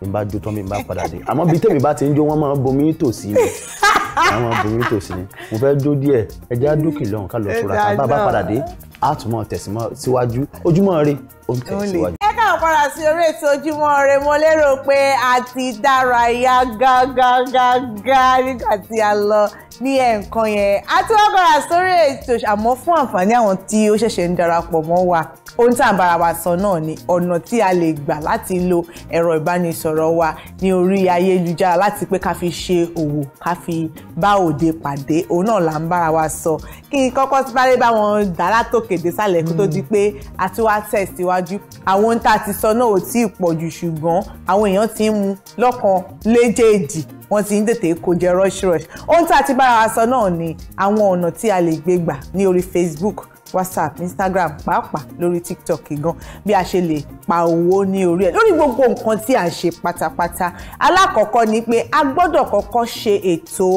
n bá jó tán mi n bá padà dé àmọ́ bí tèmi bá ti ń jó wọ́n máa ń bomi tòsí mi wọ́n máa ń bomi tòsí mi mo fẹ́ jó díẹ̀ ẹja dúkì lọ́hùn ká lọ fura ká bá bá padà dé àtúmọ̀ tẹ̀símọ́ síwájú ojúmọ́ rẹ ó ń tẹ̀síwájú. ẹ káàbọ̀ padà sí orí ètò ojúmọ́ rẹ mo lérò pé a ti dárayá gágágágá nígbà tí a lọ ní ẹ̀ǹkan yẹn a ti wá padà sórí ètò àmọ́ fún àǹfààní àwọn tí ó ṣẹ̀ṣẹ̀ ń darapọ̀ mọ́ wa ohun tí à ń bára wa sọ náà ni ọ̀nà tí a lè gbà láti lo ẹ̀rọ ìbánisọ̀rọ̀ wa ní orí ayélujára láti pé ká fi ṣe òwò ká fi bá òde pàdé òun náà là ń bára wa sọ kí n kọ́kọ́ sáré bá wọn dà látòkè désàlẹ̀ kó tó di hmm. pé a ti wá tẹ̀síwájú àwọn ohun tá a ti sọ náà ò tí ì pọ̀ ṣùgbọ́n àwọn èèyàn ti ń mu lọ́kàn léjèèjì wọ́n ti ń tètè kó jẹ rush rush ohun tí a ti bára wa sọ náà ni àwọn ọ̀nà tí a lè gbé gbà ní orí Facebook whatsapp instagram pàápàá lórí tiktok gan bí a ṣe lè pa owó ní orí ẹ̀ lórí gbogbo nǹkan tí a ṣe pátápátá alákọ̀ọ́kọ́ ni pé a gbọ́dọ̀ kọ́kọ́ ṣe ètò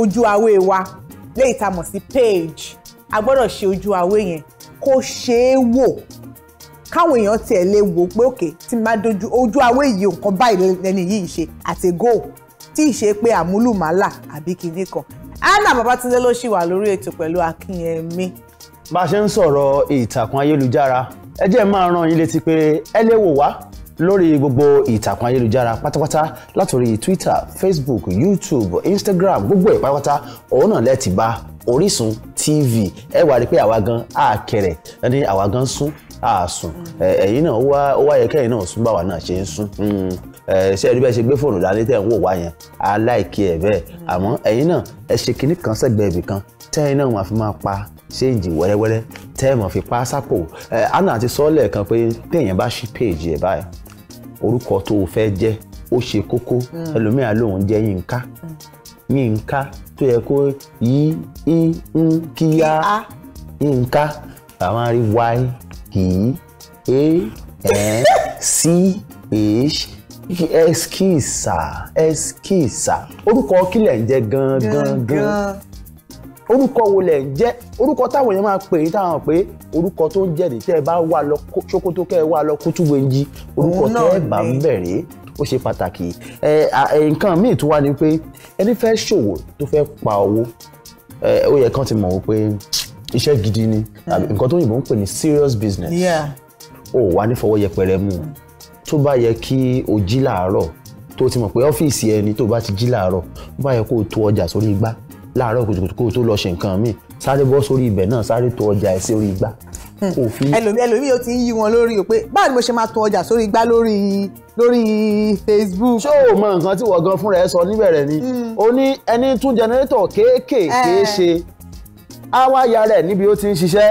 ojú awé wa léyìí tá a mọ̀ sí page a gbọ́dọ̀ ṣe ojú awé yẹn kó ṣeé wò káwọn èèyàn tiẹ̀ lè wò pé òkè tí máa dojú ojú awé yìí nǹkan báyìí lẹ́ni yìí ṣe àti goal tí ì ṣe pé àmúlùmálà àbí kinní kan Anna Babatunde ló ṣì wà lórí ètò pẹ̀lú Akínyẹmí bá a ṣe ń sọ̀rọ̀ ìtàkùn ayélujára ẹ jẹ́ máa rán yín létí pé ẹ lè wò wá lórí gbogbo ìtàkùn ayélujára pátápátá látòrí Twitter Facebook YouTube Instagram gbogbo ẹ̀ pátápátá òun náà lẹ́ẹ̀tì bá Orísun TV ẹ wà rí pé àwa gan àkẹrẹ ẹni àwa gan sún àsùn ẹ̀yin náà ó wá yẹ kẹ́yìn náà sún báwa náà ṣe ń sún hmm. ṣé ẹni bẹ́ẹ̀ ṣe gbé fóònù dání tẹ̀ ń wò wá yẹn aláìkí ẹ̀ bẹ́ẹ̀ àmọ́ ẹ̀yin náà ẹ ṣe kinní kan sẹ́gbẹ̀ẹ́ ibì kan tẹ́yìn náà wọ́n á fi máa pa ṣéǹjì wẹ́rẹ́wẹ́rẹ́ tẹ́ ẹ̀ mọ̀ fi pa sápò anna àti sọ́ọ̀lẹ̀ kan pé téèyàn bá ṣí péèjì ẹ̀ báyìí orúkọ tó o fẹ́ jẹ́ ó ṣe kókó hmm. ẹlòmíà lòun jẹ́ yínká hmm. yínká tó yẹ kó yí í ń kíyá yínká àwọn arí y e a n c h ẹskíìsà ẹskíìsà orúkọ kílẹ̀ ń jẹ́ gan gan gan orúkọ wo lẹ̀ ń jẹ́ orúkọ táwọn èèyàn máa pè é táwọn pé orúkọ tó ń jẹ́ ní tẹ́ ẹ bá wà lọ ṣókótó kẹ́ ẹ wà lọ kútúgbèjì orúkọ tẹ́ ẹ bá ń bẹ̀rẹ̀ ó ṣe pàtàkì nǹkan míì tó wà ní pé ẹni fẹ́ ṣòwò tó fẹ́ pa owó ó yẹ kán ti mọ̀ wípé iṣẹ́ gidi ni hmm. nǹkan tó yìnbọn ń pè ní serious business ó wà ní fọwọ́ yẹpẹrẹ mú hmm. tó bá yẹ kí o jí làárọ̀ tó ti mọ̀ pé ọ́fíìsì ẹni tó bá ti jí làárọ̀ bá yẹ kó o tó ọjà sórí igbá láàárọ̀ kùtùkùtù kó o tó lọ ṣe nǹkan míì sáré bọ́ sórí ibẹ̀ náà sáré tó ọjà ẹ̀ sí orí igbá. Hmm. ẹlòmíì ó ti ń yí wọn lórí o pé báwo ni mo ṣe máa tó ọjà sórí igbá lórí Facebook. ṣé o mọ nǹkan tí wọ́n gan fúnra ẹ sọ níbẹ̀rẹ̀ ni hmm. o ní ẹni tún jẹnẹrétọ̀ kéékèèké eh. ṣe á wá yára ẹ̀ níbi ó ti ń ṣiṣẹ́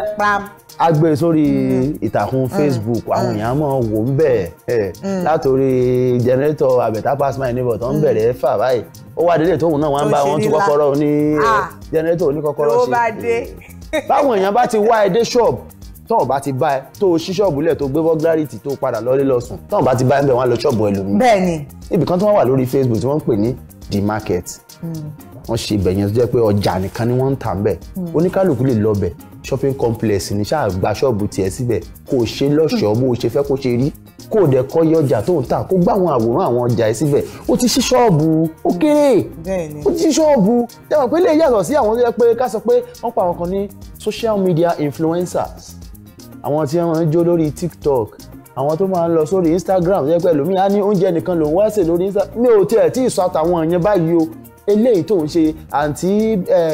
a gbé e sórí mm-hmm. ìtàkùn mm-hmm. Facebook àwọn mm-hmm. èèyàn mọ̀ wò ń bẹ̀ ẹ̀ látòrí jẹnẹrétọ̀ àbẹ̀tà pass my neighbor tó ń bẹ̀rẹ̀ fà báyìí ó wá délé tóun náà wá ń bá wọn tún kọ́kọ́rọ́ ní jẹnẹrétọ̀ ah. oníkọ́kọ́rọ́ sí báwọn èèyàn bá ti wá ẹ dé ṣọ́ọ̀bù tó o bá ti bá ẹ tó o ṣí ṣọ́ọ̀bù lẹ̀ tó gbé bọ́gláríìtì tó padà lọ́lé lọ tó o ti bá ẹ bẹ̀ wọ́n á lọ ṣọ́ọ̀bù ẹlòmíì. bẹ́ẹ̀ni. ibì kan tí wà lórí Facebook tí wọ́n ń pè ní the market. Mm. wọ́n ṣe ibẹ̀ yẹn tó jẹ́ pé ọjà nìkan ni wọ́n ń tà ń bẹ̀ mm. oníkálukú lè lọ bẹ̀ shopping complex ni ṣáà gba ṣọ́ọ̀bù tiẹ̀ síbẹ̀ kó o ṣe lọ́ṣọ̀ọ́ hmm. bó o ṣe fẹ́ kó o ṣe rí kó o dẹ̀ kọ́ iye ọjà tó ń tà kó gbá àwọn àwòrán àwọn ọjà ẹ̀ síbẹ̀ o ti ṣí ṣọ́ọ̀bù ó kéré o ti ṣí ṣọ́ọ̀bù dẹ́wọ̀n pé lè yàtọ̀ sí àwọn tó yẹ pé ká sọ pé wọ́n pa àwọn kan ní social media influencers àwọn tí wọ́n jó lórí tiktok àwọn tó máa ń lọ sórí instagram yẹ pé ẹlòmíì á ní oúnjẹ nìkan lòún wá sè lórí instagram mi ò tiẹ̀ tí ì sọ àtàwọn yẹn báyìí o eléyìí tó ń ṣe àǹtí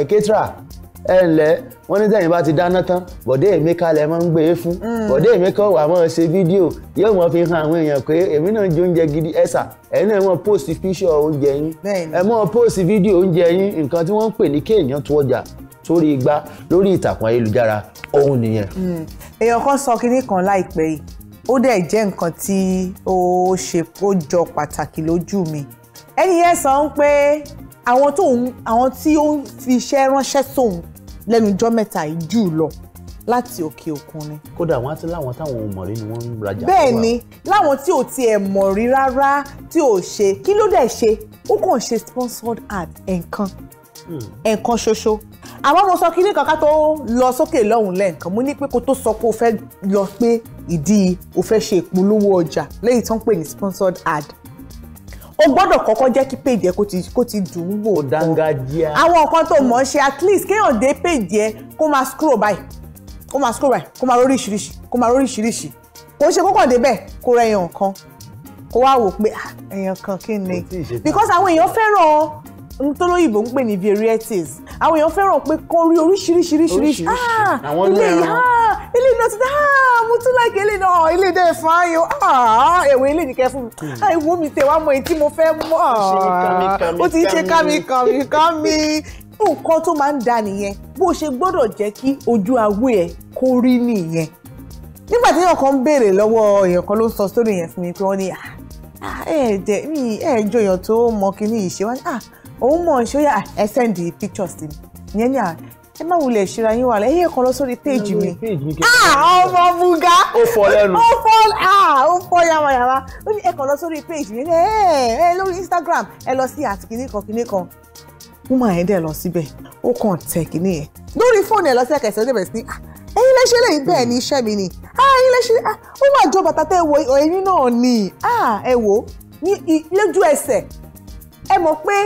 kẹtìrà eh, ẹ ǹlẹ́ wọ́n ní tẹ̀yìn bá ti dáná tán bọ̀dé èmíkà lẹ̀ máa ń gbé e fún mm. bọ̀dé èmíkà wà máa ṣe fídíò yóò máa fi hàn àwọn èèyàn pé èmi náà jẹ oúnjẹ gidi ẹ̀sà ẹ̀yin náà máa post picture oúnjẹ yín ẹ máa post fídíò oúnjẹ yín nǹkan tí wọ́n ń pè ní kéèyàn tó ọjà sórí igbá lórí ìtàkùn ayélujára òun nìyẹn. Mm. èèyàn kan sọ kinní kan láìpẹ́ yìí ó dẹ̀ jẹ́ nǹkan tí ó ṣe ó jọ pàtàkì lójú mi ẹni yẹn sọ pé àwọn tí ó ń fi iṣẹ́ ránṣẹ́ sóun lẹ́nu ọjọ́ mẹ́ta yìí jù lọ láti òkè òkun ni. kódà wọn á ti láwọn táwọn ò mọ̀ rí ni wọ́n ń rajà. bẹ́ẹ̀ ni láwọn tí ò tiẹ̀ mọ̀ rí rárá tí ò ṣe kí ló dẹ̀ ṣe ó kàn ṣe sponsored ad ẹ̀ǹkan hmm. ẹ̀ǹkan ṣoṣo àmọ́ mo sọ kíní kankan tó lọ sókè lọ́hùn lẹ́ǹkan mo ní pé kó tó sọ pé o fẹ́ lọ pé ìdí o fẹ́ ṣe ìpolówó ọjà lẹ́yìn tó ń pè ní sponsored ad o gbọ́dọ̀ kọ́kọ́ jẹ́ kí péjì ẹ kó ti dùn ún wò ó dángájíá àwọn nǹkan tó mọ̀ ṣe at least kéèyàn dé péjì ẹ kó máa scroll báyìí kó máa scroll báyìí kó máa róríṣiríṣi kó máa róríṣiríṣi kò ṣe kókò débẹ̀ kó rẹ èèyàn kan kó wá wò pé ah, èèyàn kan kí ni because àwọn èèyàn fẹ́ràn ntọ́lóyìnbó ń pè ní varieties àwọn èèyàn fẹ́ràn pé kó rí oríṣiríṣiríṣiríṣi ah ilé yìí ah ilé náà ti dá ah, mo tún láìkè ilé náà ilé ah, dẹ́ fáyọ èwe ilé nìkẹ́ fún mi àìwò ah, mi tẹ̀ wá mọ èyí tí mo fẹ́ mọ̀ ó ti ṣe kàmìkàmì kàmì nǹkan tó máa ń da nìyẹn bó ṣe gbọ́dọ̀ jẹ́ kí ojú awé ẹ̀ kó rí nìyẹn nígbà tí èèyàn kan ń béèrè lọ́wọ́ èèyàn kan ló sọ sórí yẹn fún mi pé wọ́n ní ẹ̀ẹ́dẹ̀ mi ẹ̀ẹ́jọ èèyàn tó mọ kíní yìí ṣe wá ní òun mọ̀ ṣóyà ẹ send pictures sí mi ìyẹn ní ẹ má wulẹ̀ ṣíra yín wà lẹ́ ẹ̀yìn kan lọ sórí péèjì ah, mi ọmọ buga ó fọ lẹ́nu ó fọ ah, ó fọ yamayama ó ní ẹ kàn lọ sórí péèjì mi ẹ ẹ lórí Instagram ẹ lọ sí àti kìnnì kan kìnnì kan woman yẹn dẹ̀ lọ síbẹ̀ ó kàn tẹ̀ kìnnì yẹn lórí fóònù ẹ lọ sí ẹ̀kẹ́sẹ̀ ó dẹ̀ bẹ̀rẹ̀ sí ah, ẹ̀yin lẹ́sẹ̀ lẹ́yìn bẹ́ẹ̀ ni iṣẹ́ mi ni ẹ̀yin lẹ́sẹ̀ ó wà jọ bàtà tẹ́ wo ẹ̀yin náà ni ẹ wò ní lójú ẹsẹ̀ ẹ mọ̀ pé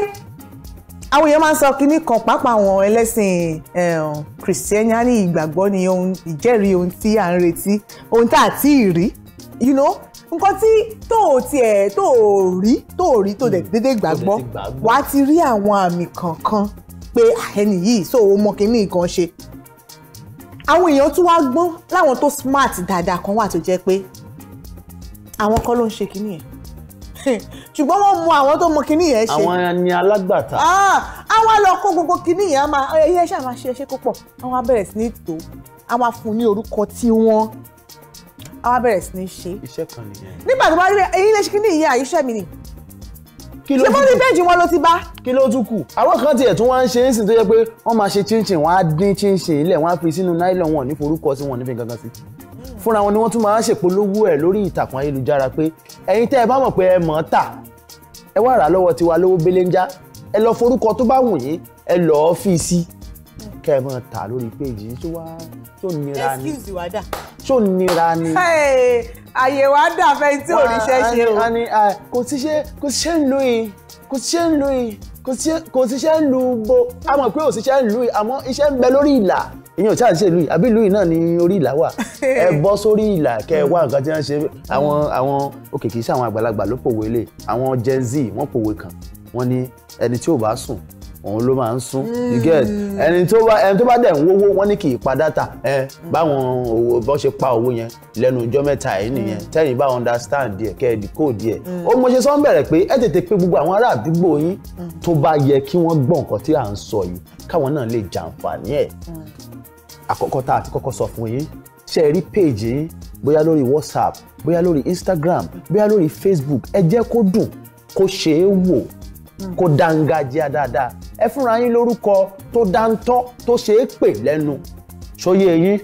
àwọn èèyàn máa ń sọ kinní kan pàápàá àwọn ẹlẹ́sìn eh, kìrìsìtẹ́nì ìgbàgbọ́ ni ohun ìjẹ́rìí ohun tí à ń retí ohun tá à tí rí you know nǹkan tí tó o tiẹ̀ tó o rí tó o rí tó dẹ̀ hmm. dédé gbàgbọ́ wàá ti rí àwọn àmì kankan pé ẹni yìí so o mọ kinní kan ṣe àwọn èèyàn tún wá gbọ́n láwọn tó smart dáadáa kan wà tó jẹ́ pé àwọn kọ́ ló ń ṣe kinní yẹn ṣùgbọ́n wọ́n mú àwọn tó mọ kinní yẹn ṣe. àwọn ni alágbàtà. Ah, àwọn lọ kó gbogbo kinní yẹn máa ẹyẹ ṣáà máa ṣe ẹṣẹ kó pọ̀ àwọn abẹ́rẹ́ sí ní tó àwọn afun ní orúkọ tí wọ́n àwọn abẹ́rẹ́ sí ní ṣe. iṣẹ́ kan nìyẹn. nígbà tó bá rí eyín lè ṣe kinní yẹn àyíṣẹ́ mi ni kí ló dúkù ṣé bọ́ọ̀lù bẹ́ẹ̀jì wọn ló ti bá. kí ló dúkù àwọn kan tiẹ̀ tún wá ń ṣe é sìn tó yẹ pé wọ́n máa ṣe chinchin wọ́n á dín chinchin ilẹ̀ wọ́n á fi nylon wọn ní forúkọ sí wọn níbi gangan fúnra wọn ni wọ́n tún máa ń ṣèpolówó ẹ̀ lórí ìtàkùn ayélujára pé ẹ̀yin tẹ́ ẹ bá mọ̀ pé ẹ mọ̀ ọ́ tà ẹ wá rà lọ́wọ́ tiwa lówó belenja ẹ lọ forúkọ tó bá wù yín ẹ lọ́ọ́ fi sí kẹ́ ẹ mọ̀ tà lórí péjì tó wá tó nira ni tó nira ni. àyè wa dà fẹ́ tí ò ríṣẹ́ ṣe o. kò síṣẹ́ kò síṣẹ́ ń lóye kò síṣẹ́ ń lóye kò síṣẹ́ ń lu bo a mọ̀ pé òṣìṣẹ́ ń lu àmọ́ iṣẹ́ ń bẹ lórí ìlà ìyẹn ò ṣáà ṣe ìlú yìí àbí ìlú yìí náà ni orí ìlà wà ẹ *laughs* bọ́ sórí ìlà kẹ ẹ wá nǹkan tí wọ́n ṣe àwọn àwọn òkè kì í ṣe àwọn àgbàlagbà ló pòwe lè àwọn Gen Z wọ́n pòwe kan wọ́n ní ẹni tí ò bá sùn òun ló máa ń sún you get hmm. ẹni tó bá ẹni tó bá dẹ̀ ń wówó wọ́n ní kì í pa dátà ẹ báwọn owó bọ́ ṣe pa owó yẹn lẹ́nu ọjọ́ mẹ́ta yìí nìyẹn hmm. tẹ́yìn bá understand díẹ̀ kẹ́ ẹ decode díẹ̀ hmm. ó mo ṣe sọ ń bẹ̀rẹ̀ pé ẹ tètè pé gbogbo àwọn ará àdúgbò yín tó bá yẹ kí wọ́n gbọ́ nǹkan tí à ń sọ yìí káwọn náà lè jàǹfààní ẹ̀ àkọ́kọ́ tá a ti kọ́kọ́ sọ fún yín ṣe rí péèjì yín bóyá lórí whatsapp bóyá lórí instagram bóyá lórí facebook ẹ jẹ́ kó dùn kó ṣe é wò hmm. kó dángájíá dáadáa ẹ fúnra yín lórúkọ tó dáńtọ́ tó ṣe é pè lẹ́nu sóyè yín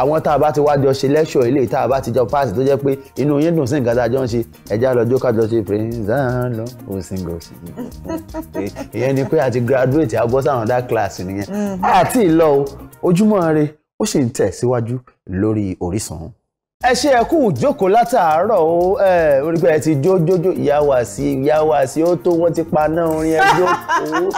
àwọn tá a bá ti wá jọ ṣe lẹ́ṣọ̀ ilé tá a bá ti jọ páàsì tó jẹ́ pé inú yín dùn sí nǹkan tá a jọ ń ṣe ẹja lọ jókà jọ ṣe prince lọ ó single ó single *laughs* ìyẹn ni pé àti graduate abọ́ sáwọn dá kíláàsì nìyẹn àti hmm. ìlọ o ojúmọ́ ire ó sì ń tẹ̀ síwájú lórí Orísun ẹ ṣe ẹ kú jókòó o orí pé ẹ ti jó jó jó ìyá wá sí ìyá wá sí ó tó wọ́n ti paná orin ẹ jókòó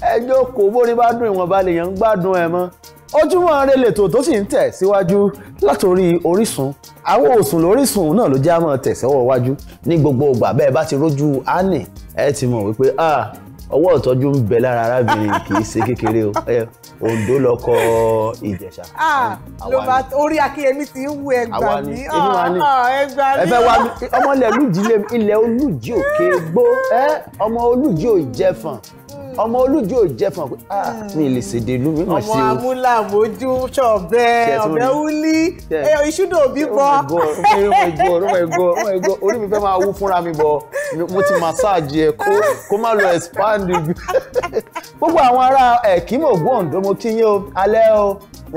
ẹ jókòó bórí bá dùn ìwọ̀nba lèèyàn ń gbádùn ẹ mọ́ ojúmọ́ ire lètò tó sì ń tẹ̀ síwájú látòrí Orísun àwọn òsùn lórísun náà ló jẹ́ àmọ́ tẹ̀síwọ́ wájú ní gbogbo ìgbà bẹ́ẹ̀ bá ti rójú Annie ẹ ti mọ̀ wípé ah ọwọ́ ìtọ́jú ń bẹ lára arábìnrin kì í ṣe kékeré o Ondo lọkọ Ìjẹ̀ṣà. Ah, ló bá orí Akínyẹmí ti ń wú ẹgbà mí ẹgbà mí. ẹfẹ wa ọmọ ilẹ̀ olùjì ilẹ̀ olùjì òkè gbó ọmọ olùjì òjẹ̀fọ̀n ọmọ olújú ò jẹ́ fún ọ pé ah mi lè ṣèdè ìlú mi mọ̀ sí o. ọmọ amúlà mójú ṣọ̀bẹ ọ̀bẹ wúlí ìṣúná òbí oh bọ́. Oh oh orí mi fẹ́ máa wú fúnra mi bọ̀ mo ti màsáàjì ẹ̀ kó má lọ expand. *laughs* gbogbo àwọn ará ẹ̀kí mọ̀ ògbóǹdó mo kí yín o alẹ́ o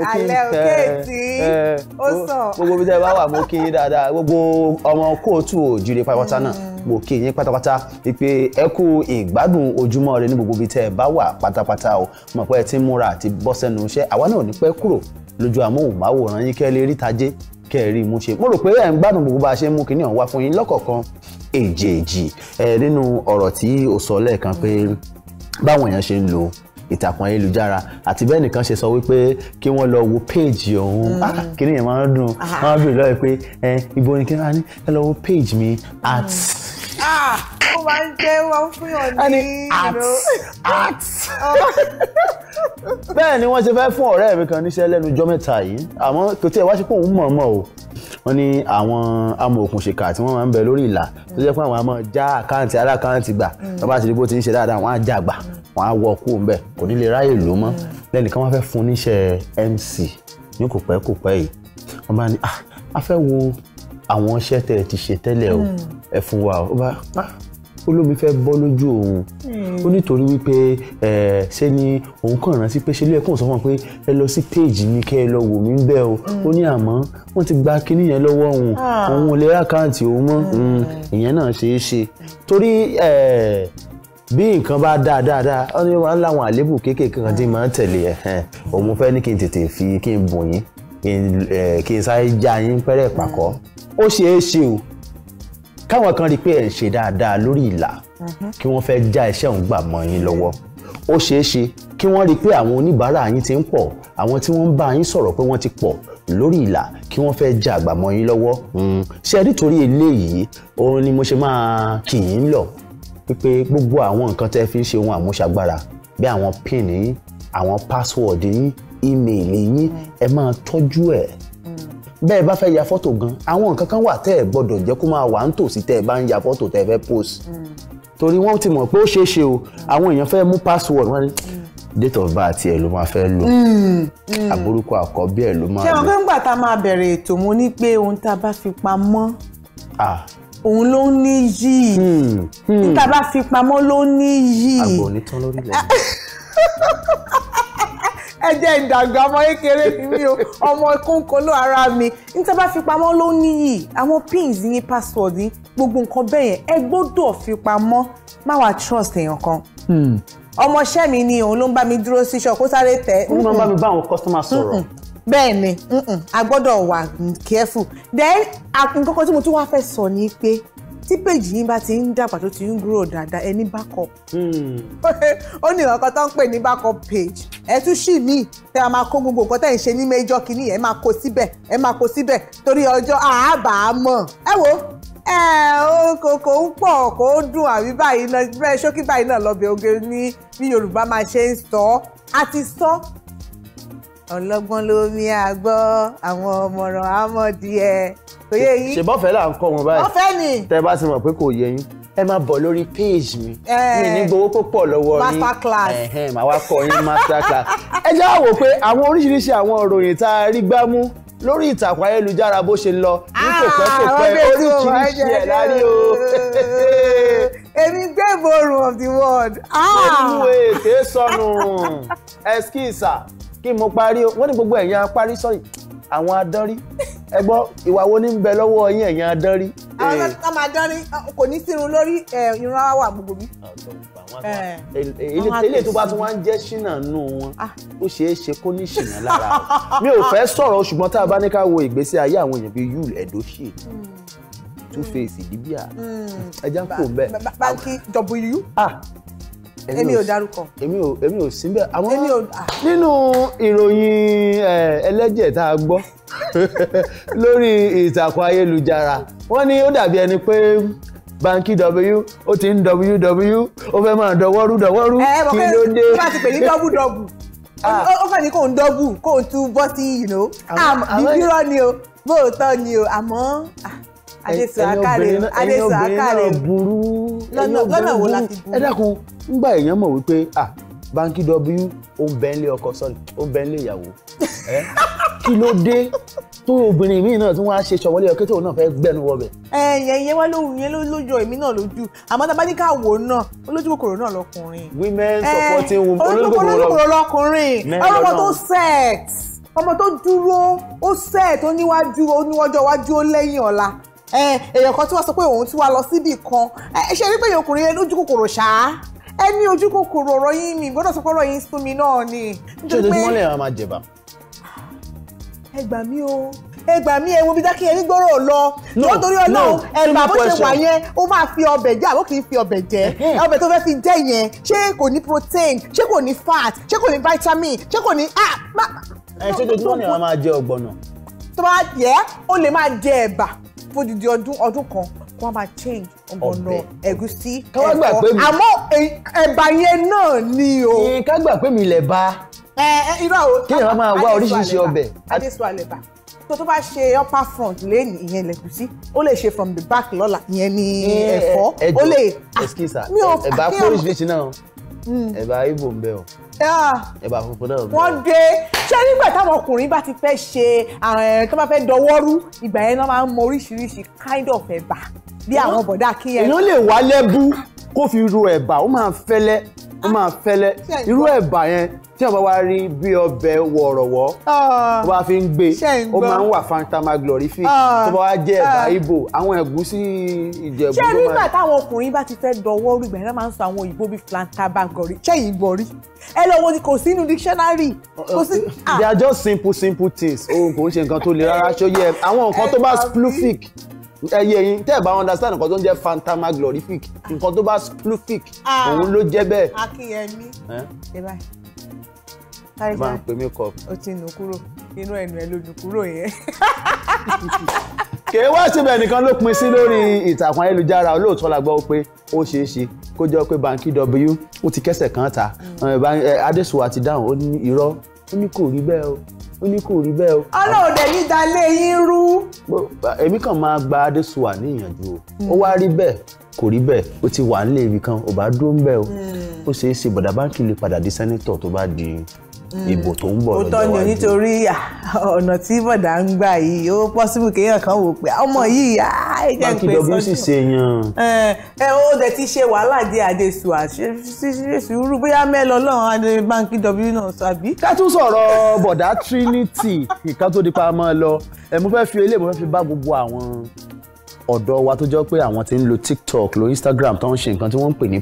mo kí n tẹ gbogbo bí tẹ bá wà mo kí yín dáadáa gbogbo ọmọ kóòtù òjìrè pátápátá náà mm. mo kí yín pátápátá wípé ẹ kú ìgbádùn ojúmọ́ rẹ ní gbogbo bí tẹ bá wà pátápátá o mọ̀ pé ẹ ti ń múra àti bọ́ sẹ́nu iṣẹ́ àwa náà ò ní pẹ́ kúrò lójú àmóhùnmáwòrán yín kẹ́ lè rí tajé kẹrí mú ṣe mo rò pé ẹ ń gbádùn gbogbo bá a ṣe ń mú kinní ọ̀hún wá fún yín lọ́kọ̀ọ̀kan èjèèjì ẹ nínú ọ̀rọ̀ tí o sọ lẹ́ẹ̀kan pé báwọn èèyàn ṣe ń lo ìtàkùn ayélujára àti bẹ́ẹ̀ nìkan ṣe sọ wípé kí wọ́n lọ wo péèjì ọ̀hún mm. ah, kíni yẹn máa ń dùn ah. wọ́n á bèrè lọ́wọ́ pé ibo ni kí wọ́n á ní ẹ lọ wo péèjì mi at mm. ah, ó máa ń jẹ́ wọ́n fún yàn ní ìró. Oh. *laughs* bẹ́ẹ̀ ni wọ́n ṣe fẹ́ fún ọ̀rẹ́ mi kan níṣẹ́ lẹ́nu ọjọ́ mẹ́ta yìí àmọ́ kò tí ẹ wá ṣe pé òun mọ̀ọ́mọ̀ o wọ́n ní àwọn amòòkùnṣèkà tí wọ́n máa ń bẹ lórí ìlà tó jẹ́ pé àwọn àmọ́ já àkáǹtì alákáǹtì gbà mm. tó bá ti di bó ti ń ṣe dáadáa wọ́n á já gbà wọ́n á wọ kúrò ńbẹ̀ kò ní lè ráyè lò mọ́ lẹ́nìkan wọ́n fẹ́ fún níṣẹ́ MC ní kò pẹ́ kò pẹ́ yìí wọ́n bá ní ah a fẹ́ wo àwọn iṣẹ́ tẹ̀ ti ṣe tẹ́lẹ̀ o mm. ẹ fún wa o bá ah olómi fẹ́ bọ́ lójú òun hmm. ó nítorí wípé ṣé ni òun kàn rántí pé ṣe ló yẹ kóun sọ fún un pé ẹ lọ sí péèjì mi kẹ́ ẹ lọ wò mí bẹ́ẹ̀ o hmm. ó ní àmọ́ wọ́n ti gba kinní yẹn lọ́wọ́ òun ah. òun ò lè rà káàntì òun mọ́ hmm. ìyẹn náà ṣeé ṣe torí bí nǹkan bá dáa dáadáa ó ní wọn láwọn àléébù kéékèèké kan tí màá tẹ̀lé ẹ̀ òun fẹ́ ní kí n tètè fi kí n bùn yín kí n sáré já yín pẹ́rẹ́ pàkọ́ ó ṣeé ṣe o káwọn kan rí i pé ẹ̀ ń ṣe dáadáa lórí ìlà mhm. kí wọ́n fẹ́ já iṣẹ́ òun gbà mọ́ yín lọ́wọ́ ó ṣeé ṣe kí wọ́n rí i pé àwọn oníbàárà yín ti ń pọ̀ àwọn tí wọ́n ń bá yín sọ̀rọ̀ pé wọ́n ti pọ̀ lórí ìlà kí wọ́n fẹ́ já àgbà mọ́ yín lọ́wọ́ hmm. ṣe é nítorí eléyìí òun ni mo ṣe máa kì í lọ pípé gbogbo àwọn nǹkan tẹ́ fi ń ṣe ohun àmúṣagbára bí àwọn pin yín àwọn password yín email, yín mhm. ẹ máa tọ́jú ẹ̀ bẹ́ẹ̀ bá fẹ́ ya fọ́tò gan àwọn nǹkan kan wà tẹ́ ẹ̀ gbọ́dọ̀ jẹ́ kó máa wà ń tòsí tẹ́ ẹ bá ń ya fọ́tò tẹ́ ẹ fẹ́ post torí wọ́n ti mọ̀ pé ó ṣeé ṣe o àwọn èèyàn fẹ́ mú password wọn ni date of birth ẹ ló máa fẹ́ lò àbúrúkọ àkọ́bí ẹ ló máa lò. ṣé ọgbẹ́ ńgbà tá a máa bẹ̀rẹ̀ ètò mo ní pé ohun tá a bá fi pamọ́ òun ló ń ní yìí hmm, hmm. níta bá fi pamọ́ ló ń ní yìí. àgbọ̀n onítán lórí *laughs* ẹ jẹ́ ìdàgbà ọmọ kékeré ni mí o ọmọ kónkóló ara mi níta bá fi pamọ́ ló níyì àwọn pins yín password yín gbogbo nǹkan bẹ́ẹ̀ yẹn ẹ gbọ́dọ̀ fi pamọ́ má wàá trust èèyàn kan hmm. ọmọọṣẹ́ mi ni òun ló ń bá mi dúró sí ṣọ́ọ̀ kó sáré tẹ̀. òun ló ń bá mi bá àwọn kọ́sítọ́mà sọ̀rọ̀. bẹ́ẹ̀ ni a gbọ́dọ̀ wà careful then nǹkan kan tí mo tún wá fẹ́ sọ ni pé tí péjì yín bá ti ń dàgbà tó ti ń grow dáadáa ẹ backup. Hmm. *laughs* ó ní nǹkan tó ń pè ní backup page ẹ tún ṣì mí tẹ a máa kó gbogbo nǹkan tẹ̀ ń ṣe ní méjọ kìíní ẹ máa kó síbẹ̀ ẹ máa kó síbẹ̀ torí ọjọ́ àábà mọ̀ ẹ wo ẹ ó kò kò ń pọ̀ kò ń dùn àbí báyìí náà bẹ́ẹ̀ ṣókí báyìí náà lọ́bẹ̀ oge ní bí Yorùbá máa ṣe ń sọ á ti sọ ọlọ́gbọ́n lómi àgbọ́ àwọn ọmọràn kò yé yín ṣe bọ́fẹ́ là ń kọ́ wọn báyìí bọ́fẹ́ ni tẹ́ bá ti mọ̀ pé kò yé yín ẹ máa bọ̀ lórí page mi mi ní gbowó púpọ̀ lọ́wọ́ yín master class màá wá kọ́ yín master class ẹ jẹ́ àwò pé àwọn oríṣiríṣi àwọn ìròyìn tá a rí gbámú lórí ìtàkùn ayélujára bó ṣe lọ ní kò pẹ́ kò pẹ́ oríṣiríṣi ẹ̀ lárí o *laughs* èmi gbé borun of the world. nínú ah! ètè sọnù ẹskíìsà kí mo parí wọ́n ní gbogbo ẹ̀yin apárí sọ́yìn àwọn adánrí ẹ gbọ́ ìwà wo ní ń bẹ lọ́wọ́ yín ẹ̀yin adánrí. àwọn eh. ọmọ adánrí kò ní sírun lórí eh, ìran wa gbogbo mi. ilé eh. tó bá tún wá ń jẹ́ ṣínà nù wọn ah. ó ṣeé ṣe kó ní ṣìnà lára mi ò fẹ́ sọ̀rọ̀ ṣùgbọ́n tá a bá ní ká wo ìgbésí ayé àwọn èèyàn bíi yul edoche hmm. two face idibia ẹja kò bẹ́ẹ̀. banki w. ah èmi ò dárúkọ èmi ò èmi ò síbẹ̀ àmọ́ ah. nínú ìròyìn ẹlẹ́jẹ̀ tá a gbọ́ *laughs* lórí ìtàkùn ayélujára wọ́n ní ó dàbí ẹni pé banki w ó ti ń ww ó fẹ́ máa dọwọ́rú dọwọ́rú kí ló dé. ẹ ẹ mọ̀ pé bá a ti pè ní dọ́bù dọ́bù ah. ó fẹ́ ní kò ń dọ́bù kò ń tú bọ́tì yìí ló àmọ́ bíbí rọ́ ni o bóòótọ́ ni o àmọ́ ah adéṣù akáre adéṣù akáre ẹ̀yin obìnrin náà burú lọ́nà wo la fi burú. ẹ dákun ngbà èèyàn mọ̀ wípé ah Banki w ó ń bẹ́ńlé ọkọ sọ́ọ̀lì ó ń bẹ́ńlé ìyàwó kí ló dé tó obìnrin míì náà tí wọ́n á ṣe ṣọwọ́lé ọkẹ́ tóun náà fẹ́ gbẹ́nu wọbẹ̀. ẹyẹ ìyẹn wá lóhùn yẹn lójú èmi náà lójú àmọ́ tá a bá ní ká wò ó náà olójú kòkòrò náà lọkùnrin. women supporting women olójú kòkòrò lọkùnrin ọlọ́mọ tó sex ọmọ tó dúró ó sex ó níwájú ó níwájú ọwájú ó lẹ́yìn ọ̀la èèyàn kan tí wọ́n sọ pé òun ti wá lọ síbì kan ṣe rí pé ọkùnrin yẹn lójú kòkòrò ṣáá ẹ ní ojú kòkòrò ọ̀rọ̀ yín mi gbọ́dọ̀ sọ pé ọ̀rọ̀ yín sún mi náà ni. ṣé ojoojúmọ́ lè máa jẹ̀bà. ẹ gbà mí o ẹ gbà mí ẹ wo bí dákẹ́ ẹni gbọ́rọ̀ lọ wọ́n torí ọlọ́run ẹ̀bà bó ṣe wà yẹn ó máa fi ọbẹ̀ jẹ́ àbó kì í fi ọbẹ̀ jẹ́ ọbẹ̀ tó fẹ́ fi jẹ́ yẹn ṣé kò ní protein ṣé kò ní fat ṣé kò ní vitamin ṣé kò ní. Ah, ẹ ṣe ojoojúmọ́ ni wọ́n máa jẹ ọ̀gbọ̀nà. tó bá yẹ ó lè máa jẹ ẹ̀bà fódìdí ọdún ọdún kan kó a máa change ọ̀gbọ̀nà ẹ̀gúsí ẹ̀fọ́ àmọ́ ẹ̀bà yẹn náà ni o. ká gbà pé mi lè bá irọ́ o kí èèyàn máa wá oríṣiríṣi ọbẹ̀. adéṣù àlẹ̀bà tó tó bá ṣe upper front lẹ́nu ìyẹn lẹ́gùsí ó lè ṣe from the back lọ́la ìyẹn ni ẹ̀fọ́ ó lè. Ah, ẹ̀bà kó oríṣiríṣi náà mm. ẹ̀bà ibo ń bẹ o. Ah, ẹ̀bà funfun náà bẹ̀rẹ̀. wọ́n dé ṣé nígbà táwọn ọkùnrin bá ti fẹ́ ṣe ah, eh, tó bá fẹ́ dọwọ́rú ìgbà yẹn náà máa ń mọ oríṣiríṣi kind of ẹ̀bà bí àwọn bọ̀dá kí ẹ. èèyàn lè wá lẹ́bú kó fi ro ẹ̀bà ó máa fẹ́lẹ́ ó máa ah, fẹ́lẹ́ irú ẹ̀bà yẹn tí wọ́n bá wá rí bí ọbẹ̀ wọ̀rọ̀wọ́ ah, tó bá fi ń gbé ó máa ń wà fantamagorific ah, tó bá wá jẹ́ ẹ̀bà Ìgbò àwọn ẹ̀gúsí Ìjẹ̀bú ló máa. ṣé nígbà táwọn ọkùnrin bá ti fẹ́ dọwọ́ rí gbẹ̀rẹ́ máa ń sọ àwọn òyìnbó bíi flantabagori ṣé yìí gbọ́ ẹ lọ wo ni kò sínú dictionary uh, uh, they are just simple simple things O kò ń ṣe nǹkan tó le rárá ṣó yẹ àwọn nǹkan tó bá spluffic ẹyẹ ẹyin tẹ́ ẹ̀ bá understand nǹkan tó ń jẹ́ fantasmagorific nǹkan tó bá splufic ah. òun ló jẹ́ bẹ́ẹ̀. akínyẹmí ṣe báyìí sáré máa ń pè mí kọ. o ti nù kúrò inú ẹnu ẹ ló nù kúrò yẹn. *laughs* kì í wá síbẹ̀ nìkan ló pin sí lórí ìtàkùn ayélujára olóòótọ́ la gbọ́ pé ó ṣeé ṣe kó jọ pé banki w ó ti kẹ́sẹ̀ kan ta mm. adéṣùwà ti dáhùn ó ní irọ́ ó ní kò rí bẹ́ẹ̀ o ó ní kò rí bẹ́ẹ̀ o. ọlọ́run dẹ̀ ní dalẹ̀ yín rú. èmi kàn máa gba adéṣùwà ní ìyànjú o ó wá rí bẹ́ẹ̀ kò rí bẹ́ẹ̀ ó ti wà nílé ibì kan ò bá dúró ń bẹ́ẹ̀ o hmm. ó ṣeé ṣe bọ̀dà báńkì lè padà di sẹ́nítọ̀ tó bá di Mm. ìbò tó ń bọ̀ lọ́jọ́ iwájú. òótọ́ ni nítorí ọ̀nà tí bọ̀dà ń gbà yìí ó pọ́sibú kéèyàn kan wò pé ah, ọmọ yìí á jẹ́ pé sọ́dún. báńkì wc ṣe yan. ẹ eh, eh, ó dẹ̀ ti ṣe wàhálà dé àdéṣù àṣeṣúrú Trinity nǹkan tó di pa mọ́ lọ ẹ̀ mo fẹ́ fi eléyìí mo fẹ́ fi bá gbogbo àwọn ọ̀dọ́ wa tó jọ pé àwọn ti ń lo TikTok lo Instagram tó ń ṣe nǹkan tí wọ́n ń pè ní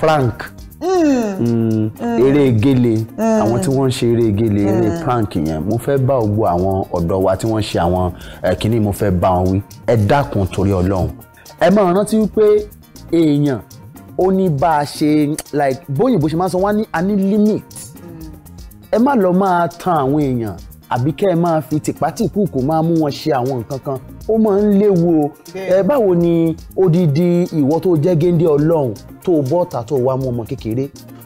prank Mm. Mm. Mm. eré gele àwọn tí wọ́n ń ṣe eré gele eré prank yẹn mo fẹ́ bá gbogbo àwọn ọ̀dọ́ wa tí wọ́n ṣe àwọn eh, kínní mo fẹ́ bá wọn wí ẹ dákun torí ọlọ́run ẹ máa rántí wípé èèyàn ó ní bá a ṣe like bóyìnbó ṣe máa sọ wọ́n á a ní limit ẹ má lọ máa tan àwọn èèyàn àbí kẹ́ ẹ máa fi tìpátìkù kò máa mú wọn ṣe àwọn nǹkan kan ó máa ń léwu o ẹ báwo ni odidi ìwọ tó jẹ́ géńdé ọlọ́run tó bọ́ta tó wá mú ọmọ kékeré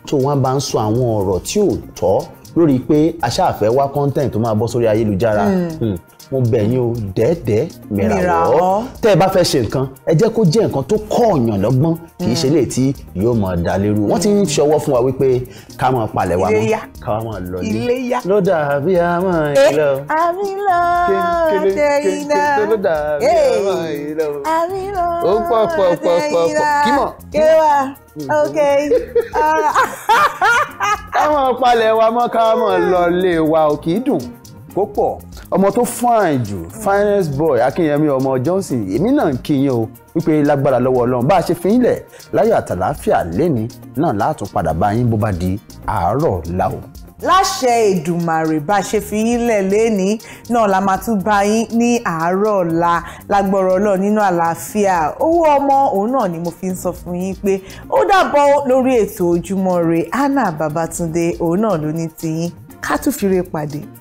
tó wá bá ń sọ àwọn ọ̀rọ̀ tí ò tọ́ lórí pé aṣáàfẹ́ wá content tó máa bọ́ sórí ayélujára hmm. Hmm mo bẹ̀ yín o dẹ́ẹ̀dẹ́ mìràwọ́ tẹ́ ẹ bá fẹ́ ṣe nǹkan ẹ jẹ́ kó jẹ́ nǹkan tó kọ́ ọ̀yàn lọ́gbọ́n kì í ṣe mm. lè tí yóò mọ̀ dá lérú wọ́n ti ń ṣọwọ́ fún wa wípé ká máa palẹ̀ wa mọ́ ká máa lọ ní ló dàbí eh, eh, àmọ́ ìlọ. àmì lọ tẹ̀yìnà ló dàbí àmọ́ ìlọ. àmì lọ tẹ̀yìnà kéwà mm-hmm. ok. *laughs* ká máa palẹ̀ wa mọ́ ká máa lọ lé wa ò kì í dùn kó pọ̀ ọmọ tó fine jù finest boy akínyẹmí ọmọ johnson èmi náà ń kí yín o wípé lágbára lọ́wọ́ ọlọ́run bá a ṣe fi yín lẹ̀ láyọ̀ àtàlàáfíà lẹ́ni náà láàtún padà bá yín bó bá di àárọ̀ láò láṣẹ Èdùmàrè bá ṣe fi yín lẹ́ni náà la máa tún bá yín ní àárọ̀ ọ̀la lágbọ́rọ̀ ọlọ́ọ̀ nínú àlàáfíà owó ọmọ òun náà ni mo fi ń sọ fún yín pé ó dàbọ̀ lórí ètò Ojúmọ́ Ire Hannah Babatunde òun náà ló ní